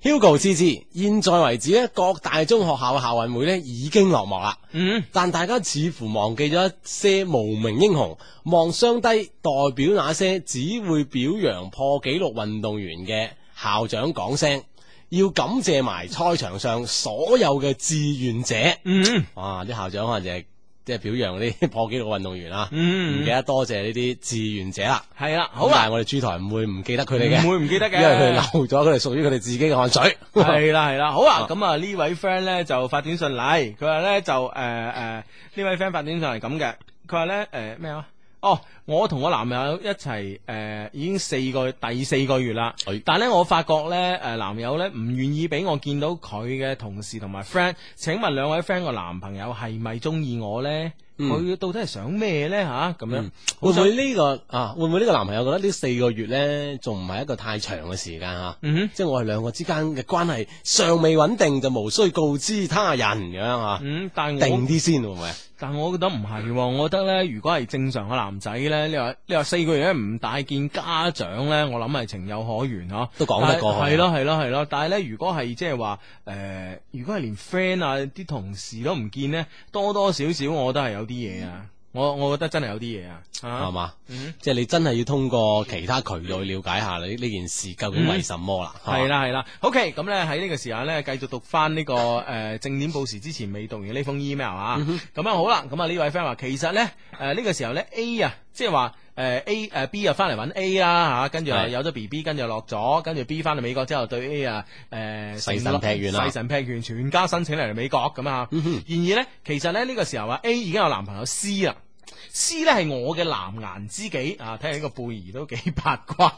，Hugo 之之，現在為止咧，各大中學校校運會呢已經落幕啦，mm hmm. 但大家似乎忘記咗一些無名英雄，望雙低代表那些只會表揚破紀錄運動員嘅校長講聲，要感謝埋賽場上所有嘅志願者，哇、mm！啲、hmm. 啊、校長可能就是。即係表揚嗰啲破紀錄運動員啦，唔、嗯、記得多謝呢啲志願者啦，係啦，好啊，但係我哋珠台唔會唔記得佢哋嘅，唔會唔記得嘅，因為佢哋流咗佢哋屬於佢哋自己嘅汗水。係啦係啦，好啊，咁啊好呢位 friend 咧就發短信嚟，佢話咧就誒誒、呃呃、呢位 friend 發短信嚟咁嘅，佢話咧誒咩啊？哦，oh, 我同我男朋友一齊，誒、呃、已經四個第四個月啦。哎、但係咧，我發覺咧，誒男友咧唔願意俾我見到佢嘅同事同埋 friend。請問兩位 friend 個男朋友係咪中意我呢？佢、嗯、到底係想咩咧吓？咁樣、嗯、想會唔會呢、這個啊？會唔會呢個男朋友覺得呢四個月咧，仲唔係一個太長嘅時間吓？啊嗯、即係我哋兩個之間嘅關係尚未穩定，就無需告知他人咁樣吓。啊、嗯，但定啲先會唔會？呃、但我覺得唔係喎，我覺得咧，如果係正常嘅男仔咧，你話你話四個月咧唔帶見家長咧，我諗係情有可原嗬、啊。都講得過去。係咯係咯係咯，但係咧，如果係即係話誒，如果係連 friend 啊、啲同事都唔見咧，多多少少我都係有。啲嘢啊，嗯、我我覺得真係有啲嘢啊，係嘛吧，嗯、即係你真係要通過其他渠道去了解下呢呢件事究竟為什麼啦、啊，係啦係啦，OK，咁咧喺呢個時間咧繼續讀翻、這、呢個誒、呃、正點報時之前未讀完呢封 email 啊，咁、嗯、哼樣好啦，咁啊呢位 friend 話其實咧誒呢、呃這個時候咧 A 啊，即係話。誒、uh, A 誒 B 又翻嚟揾 A 啦、uh, 吓，跟住又有咗 B B，跟住落咗，跟住 B 翻到美國之後對 A、uh, 啊，誒，細神劈完啦，細神劈完，全家申請嚟美國咁啊，uh, 嗯、哼然而咧，其實咧呢、這個時候啊，A 已經有男朋友 C 啦。C 咧係我嘅藍顏知己啊！睇下呢個貝兒都幾八卦，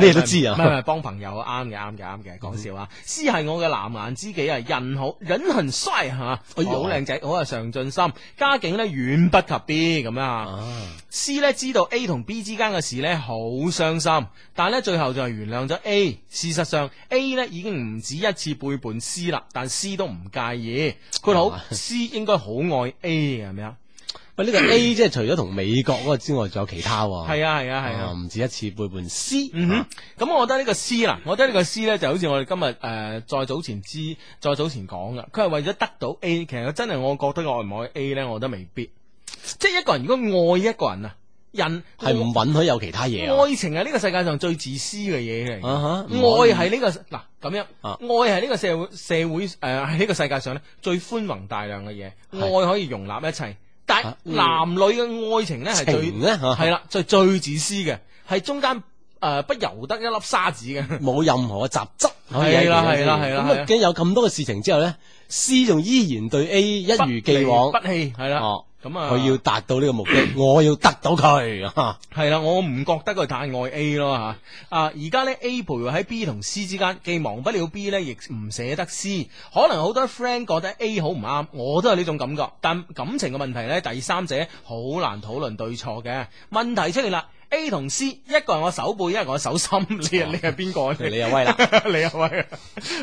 咩、 哎、都知啊！唔係唔係幫朋友啱嘅，啱嘅，啱嘅，講笑啊、嗯、！C 係我嘅藍顏知己啊，人好忍很衰，吓，好靚仔，好有上進心，家境咧遠不及 B 咁樣啊、呃、！C 咧知道 A 同 B 之間嘅事咧好傷心，但咧最後就係原諒咗 A。事實上 A 咧已經唔止一次背叛 C 啦，但 C 都唔介意。佢好 C 應該好愛、啊、 愛 A 係咪啊？是。喂，呢個 A 即係 除咗同美國嗰個之外，仲有其他係啊係啊係啊，唔、啊啊、止一次背叛 C。咁、嗯哼 啊、我覺得呢個 C 啦，我覺得呢個 C 呢就好似我哋今日誒，再早前知，再早前講㗎，佢係為咗得到 A。其實真係我覺得愛唔愛 A 呢，我覺得未必。即係一個人如果愛一個人啊，人係唔允許有其他嘢。啊、愛情係呢個世界上最自私嘅嘢嚟。愛係呢個嗱咁樣，愛係呢個社會社會誒喺呢個世界上咧最寬宏大量嘅嘢，愛可以容納一切。但係男女嘅愛情咧係最係啦，最最自私嘅，係中間誒不由得一粒沙子嘅，冇任何雜質。係啦係啦係啦。咁既然有咁多嘅事情之後咧，C 仲依然對 A 一如既往不棄，係啦。咁啊！佢要達到呢個目的，我要得到佢。係啦，我唔覺得佢太愛 A 咯嚇。啊，而家、啊、呢 A 徘徊喺 B 同 C 之間，既忘不了 B 呢，亦唔捨得 C。可能好多 friend 覺得 A 好唔啱，我都係呢種感覺。但感情嘅問題呢，第三者好難討論對錯嘅問題出嚟啦。A 同 C，一個係我手背，一個係我手心，你你係邊個啊？你又威啦， 你又威，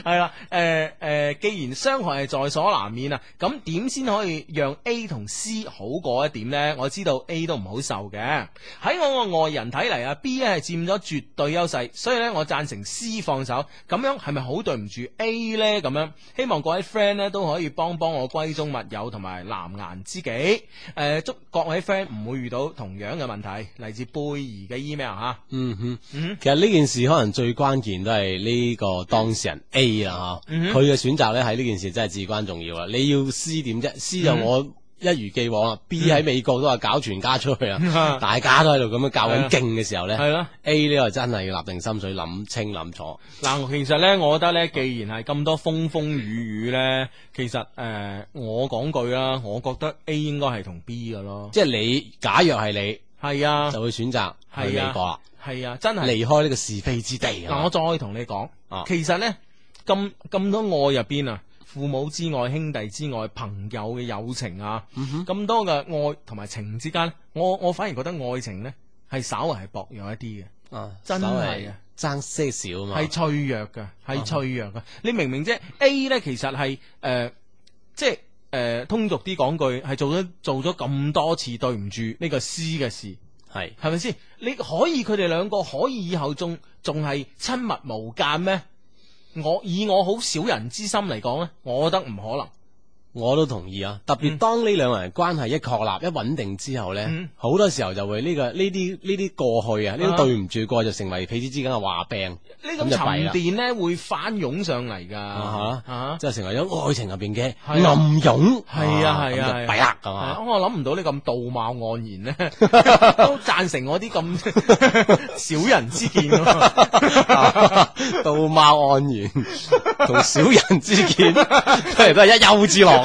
係 啦，誒、呃、誒、呃，既然傷害係在所難免啊，咁點先可以讓 A 同 C 好過一點咧？我知道 A 都唔好受嘅，喺我個外人睇嚟啊，B 係佔咗絕對優勢，所以咧我贊成 C 放手，咁樣係咪好對唔住 A 咧？咁樣希望各位 friend 咧都可以幫幫我閨中密友同埋藍顏知己，誒、呃、祝各位 friend 唔會遇到同樣嘅問題，嚟自背嘅 email 嚇，嗯哼，其實呢件事可能最關鍵都係呢個當事人 A 啦嚇，佢嘅、嗯、哼選擇咧喺呢件事真係至關重要啊！你要 C 點啫？C 就我一如既往啊、嗯、，B 喺美國都話搞全家出去啊，嗯、哼大家都喺度咁樣搞緊勁嘅時候咧、啊啊、，A 呢個真係要立定心水，諗清諗楚。嗱，其實咧，我覺得咧，既然係咁多風風雨雨咧，其實誒、呃，我講句啦，我覺得 A 應該係同 B 嘅咯，即係你假若係你。係啊，就會選擇去美國啦。係啊，啊，真係離開呢個是非之地。嗱開，我再同你講，啊、其實咧咁咁多愛入邊啊，父母之外、兄弟之外、朋友嘅友情啊，咁、嗯、哼多嘅愛同埋情之間咧，我我反而覺得愛情咧係稍微係薄弱一啲嘅。啊，真係的啊，爭些少嘛，係脆弱㗎，係脆弱㗎。嗯、哼你明唔明即係 A 咧，其實係誒、呃，即係。誒，通俗啲講句，係做咗做咗咁多次對唔住呢個詩嘅事，係係咪先？你可以佢哋兩個可以以後仲仲係親密無間咩？我以我好小人之心嚟講咧，我覺得唔可能。我都同意啊！特別當呢兩個人關係一確立，一穩定之後咧，好多時候就會呢個呢啲呢啲過去啊，呢啲對唔住過就成為彼此之間嘅話柄。呢咁沉澱咧會翻湧上嚟噶，啊，即係成為咗愛情入邊嘅暗湧，係啊，係啊，弊啦，係嘛？我諗唔到你咁道貌岸然咧，都贊成我啲咁小人之見，啊，道貌岸然同小人之見，都係一丘之貉。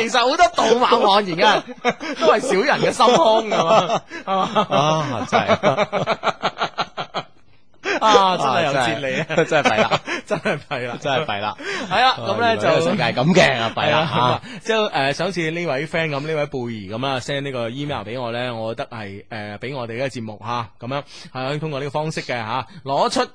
其實好多道貌岸然而家都係小人嘅心胸咁啊！啊，真係啊！真係有哲理啊！真係弊啦，真係弊啦，真係弊啦！係啊，咁咧就世界係咁嘅弊啦吓。即係誒，上次呢位 friend 咁，呢位貝兒咁啊 send 呢個 email 俾我咧，我覺得係誒，俾我哋嘅節目吓咁樣，係通過呢個方式嘅吓攞出。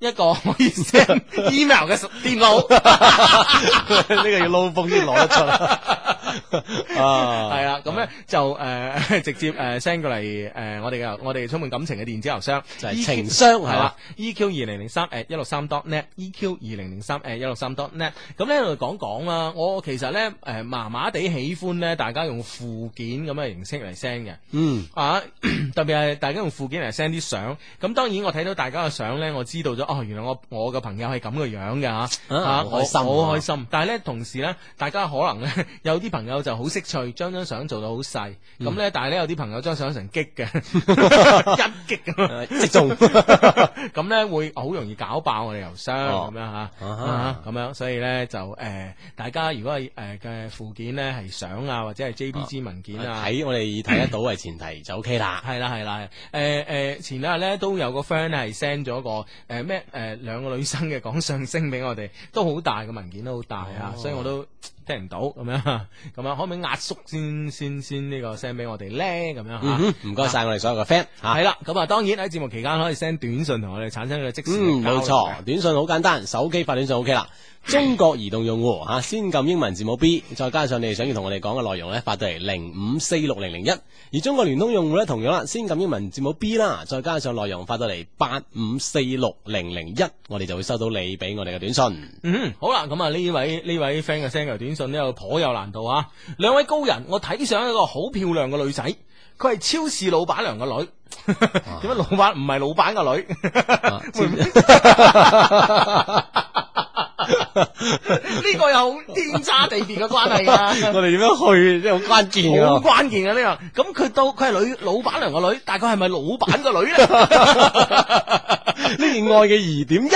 一個可以 send email 嘅電腦，呢個要撈風先攞得出。 啊，係啦、uh, 咁咧、uh, 就誒、呃、直接誒 send、呃、過嚟誒、呃、我哋嘅我哋充滿感情嘅電子郵箱，就係情商係啦，EQ 二零零三誒一六三 dotnet，EQ 二零零三誒一六三 dotnet，咁咧講講啦，我其實咧誒麻麻地喜歡咧大家用附件咁嘅形式嚟 send 嘅，嗯啊，特別係大家用附件嚟 send 啲相，咁當然我睇到大家嘅相咧，我知道咗哦，原來我我嘅朋友係咁嘅樣嘅吓，啊，開心，好開心，但係咧同時咧，大家可能咧 有啲朋友有就好識趣，將張相做到好細，咁咧，但係咧有啲朋友將相成激嘅一激咁，集中咁咧會好容易搞爆我哋郵箱咁樣吓，咁樣，所以咧就誒，大家如果誒嘅附件咧係相啊或者係 JPG 文件啊，睇我哋睇得到為前提就 OK 啦。係啦係啦，誒誒，前兩日咧都有個 friend 係 send 咗個誒咩誒兩個女生嘅講相聲俾我哋，都好大嘅文件都好大啊，所以我都。聽唔到咁樣，咁樣可唔可以壓縮先先先，這個，呢個聲俾我哋咧？咁樣吓，唔該晒我哋所有嘅 friend。係啦、啊，咁啊當然喺節目期間可以 send 短信同我哋產生嘅即時冇錯，嗯、錯吧短信好簡單，手機發短信 OK 啦。中國移動用戶吓，先撳英文字母 B，再加上你哋想要同我哋講嘅內容呢，發到嚟零五四六零零一。而中國聯通用戶呢，同樣啦，先撳英文字母 B 啦，再加上內容發到嚟八五四六零零一，我哋就會收到你俾我哋嘅短信。嗯哼，好啦，咁啊呢位呢位 friend 嘅 send 嚟短信咧，又頗有難度啊！兩位高人，我睇上一個好漂亮嘅女仔，佢係超市老闆娘嘅女，點 解老闆唔係老闆嘅女？呢 個有天差地別嘅關係啊！ 我哋點樣去，即係好關鍵、啊，好關鍵啊呢、這個。咁佢到佢係女老闆娘個女，但概佢係咪老闆個女咧？呢 件愛嘅疑點一，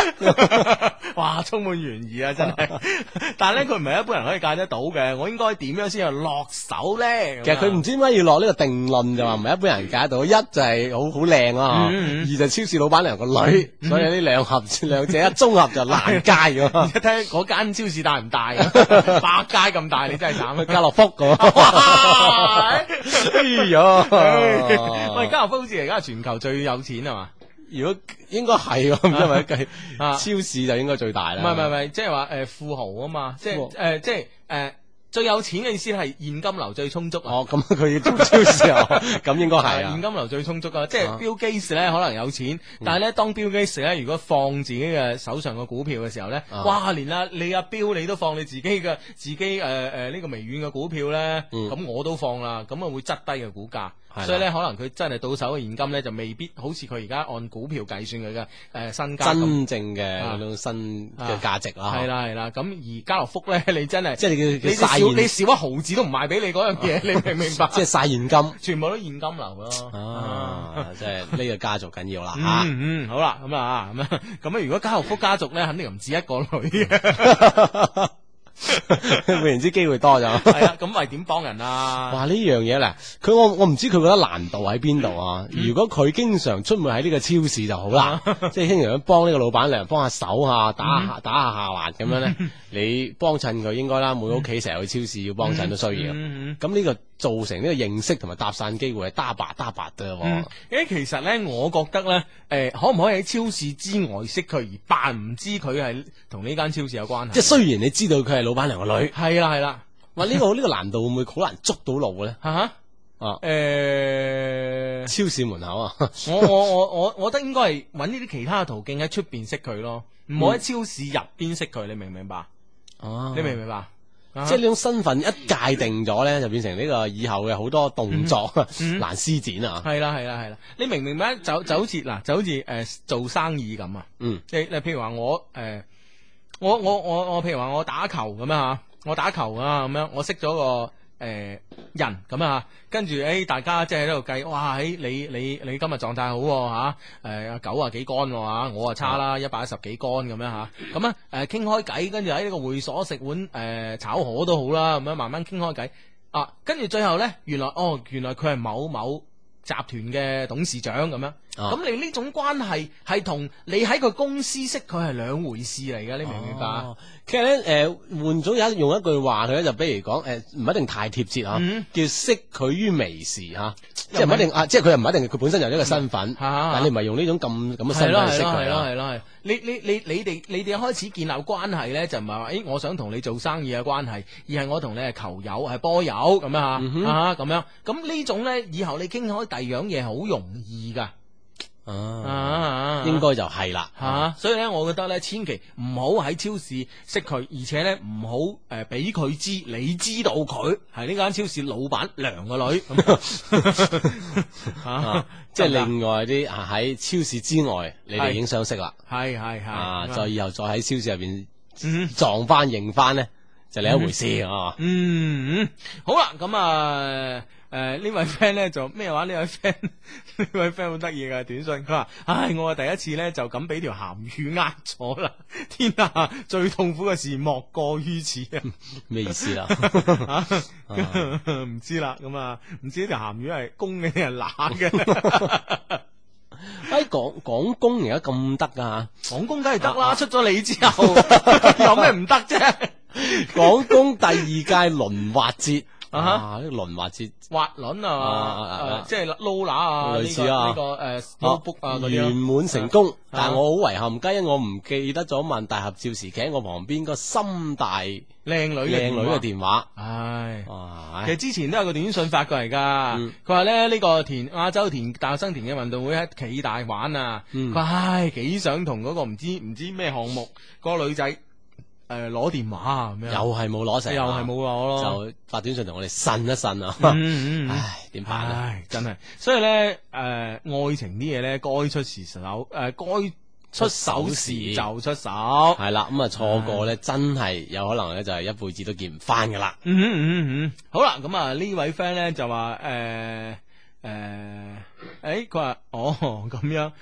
哇，充滿懸疑啊，真係。 但係咧，佢唔係一般人可以嫁得到嘅。我應該點樣先去落手咧？其實佢唔知點解要落呢個定論就話唔係一般人嫁得到。一就係好好靚啊，嗯嗯、二就超市老闆娘個女，嗯、所以呢兩盒兩者一綜 合就爛街咁。 聽嗰間超市大唔大？ 百佳咁大，你真係慘去家樂福咁，哇、 欸！哎呀，喂，家樂福好似而家全球最有錢啊嘛？如果應該係，因為計啊，超市就應該最大啦。唔係唔係唔係，即係話誒富豪啊嘛，即係誒即係誒。哦呃就是最有錢嘅意思係現金流最充足哦，咁佢做超市候，咁、嗯、 應該係是啊，現金流最充足啊， 即係 Bill Gates 咧可能有錢，嗯、但係咧當 Bill Gates 咧，如果放自己嘅手上嘅股票嘅時候咧，嗯、哇，連阿、啊、你阿、啊、標你都放你自己嘅自己誒誒呢個微軟嘅股票咧，咁、嗯、我都放啦，咁啊會擠低嘅股價。所以咧，可能佢真係到手嘅現金咧，就未必好似佢而家按股票計算佢嘅誒身家。真正嘅新嘅價值啦。係啦，係啦。咁而家樂福咧，你真係即係你少你少一毫子都唔賣俾你嗰樣嘢，你明唔明白？即係曬現金，全部都現金流咯。即係呢個家族緊要啦嚇。嗯嗯，好啦，咁啊嚇咁啊，咁啊，如果家樂福家族咧，肯定唔止一個女嘅。未然之機會多咗係 啊，咁咪點幫人啊？哇！呢樣嘢咧，佢我我唔知佢覺得難度喺邊度啊？嗯、如果佢經常出門，喺呢個超市就好啦，嗯、即係經常幫呢個老闆娘幫下手吓，打下打下下環咁樣咧，嗯、你幫襯佢應該啦。嗯、每屋企成日去超市要幫襯都需要，咁呢、嗯嗯嗯呢個。造成呢個認識同埋搭訕機會係打白打白嘅喎。誒，其實咧，我覺得咧，誒、欸，可唔可以喺超市之外識佢，而扮唔知佢係同呢間超市有關係？即係雖然你知道佢係老闆娘個女。係啦、嗯，係、嗯、啦。哇、這個，呢個呢個難度會唔會好難捉到路嘅咧？啊哈。啊。誒、欸。超市門口啊。 我我我我我覺得應該係揾呢啲其他嘅途徑喺出邊識佢咯，唔好喺超市入邊識佢。你明唔、嗯、明白？哦、啊。你明唔明白？啊、即係呢種身份一界定咗咧，就變成呢個以後嘅好多動作、嗯、 難施展啊、嗯！係啦係啦係啦，你明唔明咧？就就好似嗱，就好似誒、呃、做生意咁啊！即係譬如話我誒、呃，我我我我，譬如話我打球咁樣吓，我打球啊咁樣，我識咗個。誒、呃、人咁啊，跟住誒大家即係喺度計，哇！喺、哎、你你你今日狀態好喎、啊、嚇，誒、呃、九啊幾乾喎我差啊差啦一百一十幾乾咁樣嚇，咁啊誒傾開偈，跟住喺呢個會所食碗誒、呃、炒河都好啦，咁樣慢慢傾開偈啊，跟住最後咧原來哦原來佢係某某。集團嘅董事長咁樣，咁、啊、你呢種關係係同你喺佢公司識佢係兩回事嚟㗎，你明唔明白？其實咧，誒、呃、換咗用一句話佢咧，就比如講，誒、呃、唔一定太貼切啊，嗯、叫識佢於微時嚇。啊即係唔一定啊！即係佢又唔一定，佢、嗯啊、本身有一個身份。啊、但係你唔係用呢種咁咁嘅身份嚟識佢。係你你你你哋你哋開始建立關係咧，就唔係話誒，我想同你做生意嘅關係，而係我同你係球友係波友咁樣嚇嚇咁樣。咁呢種咧，以後你傾開第二樣嘢好容易㗎。啊，啊應該就係啦吓，嗯、所以咧，我覺得咧，千祈唔好喺超市識佢，而且咧唔好誒，俾佢知你知道佢係呢間超市老闆娘個女，吓，即係另外啲啊喺超市之外，你哋已經相識啦，係係係，再以後再喺超市入邊撞翻認翻咧，就另一回事、嗯嗯、啊，嗯，好啦，咁啊。嗯誒，呃、位呢位 friend 咧就咩話？呢位 friend 呢位 friend 好得意噶短信，佢話：，唉，我啊第一次咧就咁俾條鹹魚呃咗啦！天下最痛苦嘅事莫過於此啊！咩意思啊？唔知啦，咁啊，唔、 啊、 知呢條鹹魚係、 哎、公嘅定係乸嘅？喺廣廣工而家咁得噶？廣工梗係得啦，啊、出咗你之後，有咩唔得啫？廣工第二屆輪滑節。啊！哈，呢輪滑節滑輪啊，誒，即係撈乸啊，類似啊，呢個誒 snowboard 啊，咁樣。圓滿成功，但係我好遺憾，皆因我唔記得咗問大合照時企喺我旁邊個深大靚女靚女嘅電話。唉，其實之前都有個短信發過嚟噶，佢話咧呢個田亞洲田大學生田嘅運動會喺暨大玩啊，佢唉幾想同嗰個唔知唔知咩項目個女仔。誒，攞、呃、電話啊，又係冇攞成，又係冇攞咯，就發短信同我哋呻一呻！啊。嗯嗯嗯、唉，點辦唉，真係，所以咧，誒、呃，愛情啲嘢咧，該出時手，誒、呃，該出手時就出手。係啦，咁啊、嗯嗯嗯嗯嗯嗯，錯過咧，真係有可能咧，就係一輩子都見唔翻噶啦。嗯嗯嗯嗯，好啦，咁、嗯、啊，位呢位 friend 咧就話，誒、呃、誒、呃，誒，佢話，哦，咁樣，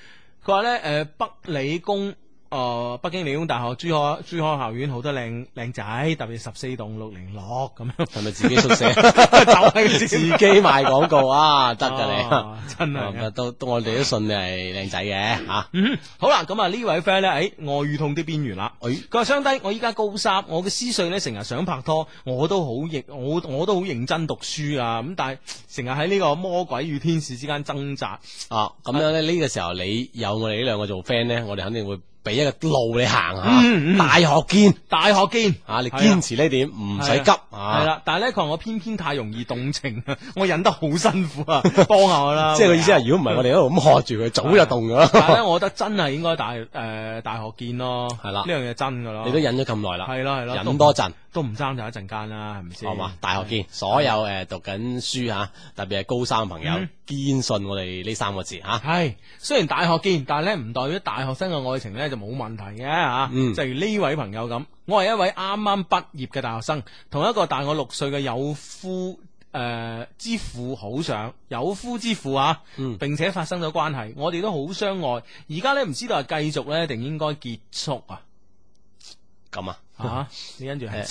佢話咧，誒、呃，北理工。誒、哦，北京理工大學珠海珠海校園好多靚靚仔，特別十四棟六零六咁樣，係咪自己宿舍？就係 自己賣廣告啊，得噶 你，哦、真係、啊、都，都我哋都信你係靚仔嘅吓、啊嗯。好啦，咁啊呢位 friend 咧，誒，愛與痛啲邊緣啦，佢話相低，我依家、啊、高三，我嘅思緒咧成日想拍拖，我都好認，我我都好認真讀書啊，咁但係成日喺呢個魔鬼與天使之間掙扎。啊，咁樣咧呢、嗯、個時候你有我哋呢兩個做 friend 咧，我哋肯定會。俾一個路你行下，大學見，大學見啊！你堅持呢點，唔使急啊！係啦，但係咧，佢話我偏偏太容易動情，我忍得好辛苦啊！幫下我啦，即係個意思係，如果唔係我哋一路咁學住佢，早就動噶啦。但係咧，我覺得真係應該大誒，大學見咯，係啦，呢樣嘢真噶啦，你都忍咗咁耐啦，係啦係啦，忍多陣。都唔爭就一陣間啦，係咪先？係嘛，大學見，是所有誒、呃、讀緊書吓，特別係高三朋友，堅、嗯、信我哋呢三個字吓。係、啊、雖然大學見，但係咧唔代表大學生嘅愛情咧就冇問題嘅吓。嗯，就如呢位朋友咁，我係一位啱啱畢業嘅大學生，同一個大我六歲嘅有夫誒、呃、之父好上，有夫之婦啊。嗯，並且發生咗關係，我哋都好相愛。而家咧唔知道係繼續咧定應該結束啊？咁啊？吓、啊，你跟住係斬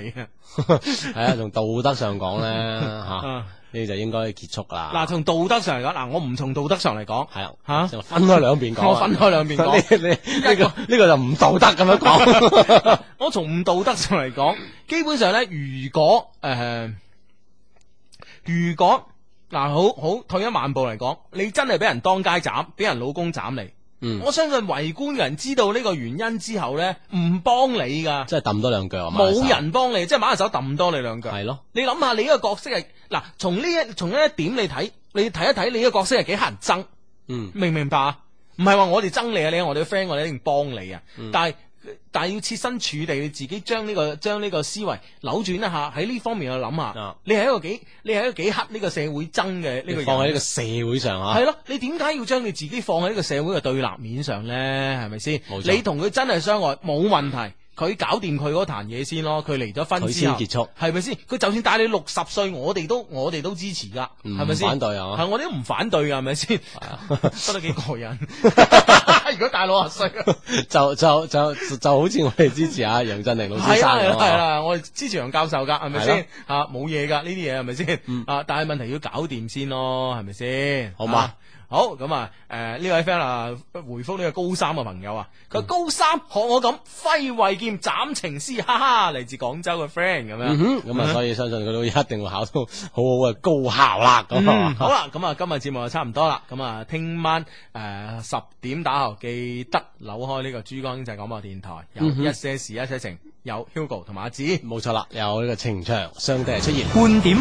你啊？係 啊，從道德上講咧，吓、啊、呢就應該結束啦。嗱、啊，從道德上嚟講，嗱、啊，我唔從道德上嚟講，係啊，吓、啊、分開兩邊講， 我分開兩邊講，呢個呢、呢個就唔道德咁樣講。 我從唔道德上嚟講，基本上咧，如果誒、啊，如果嗱、啊，好好退一萬步嚟講，你真係俾人當街斬，俾人老公斬你。嗯，我相信圍觀人知道呢個原因之後咧，唔幫你噶，即係抌多兩腳，冇人幫你，即係抹下手抌多你兩腳，係咯的？你諗下你呢個角色係嗱，從呢一從呢一,一點你睇，你睇一睇你呢個角色係幾乞人憎，嗯，明唔明白啊？唔係話我哋憎你啊，你係我哋嘅 friend，我哋一定幫你啊，嗯、但係。但係要設身處地，你自己將呢個將呢個思維扭轉一下，喺呢方面去諗下。你係一個幾你係一個幾黑呢個社會憎嘅呢個你放喺呢個社會上啊？係咯，你點解要將你自己放喺呢個社會嘅對立面上呢？係咪先？錯你同佢真係相愛，冇問題。.佢搞掂佢嗰壇嘢先咯，佢離咗婚先結束，係咪先？佢就算帶你六十歲，我哋都我哋都支持噶，係咪先？反對啊？係我哋都唔反對噶、啊，係咪先？真係幾過癮？ 如果大佬阿衰，i 就就就就，就好似我哋支持楊啊。楊振寧老師係啦，我哋支持楊教授噶，係咪先？吓冇嘢噶，呢啲嘢係咪先？是是啊，但係問題要搞掂先咯，係咪先？好嘛嗎。啊好咁啊，誒呢、呃、位 friend 啊回復呢個高三嘅朋友啊，佢高三學、啊嗯、我咁揮慧劍斬情絲，哈哈，嚟自廣州嘅 friend 咁樣，咁啊所以相信佢都一定會考到好好嘅高校啦，咁啊、嗯、 好啦，咁啊今日節目就差唔多啦，咁啊聽晚誒十、呃、點打後記得扭開呢個珠江經濟廣播電台，有一些事、嗯、哼一些情，有 Hugo 同埋阿志，冇錯啦，有呢個情長，相繼係出現，半點。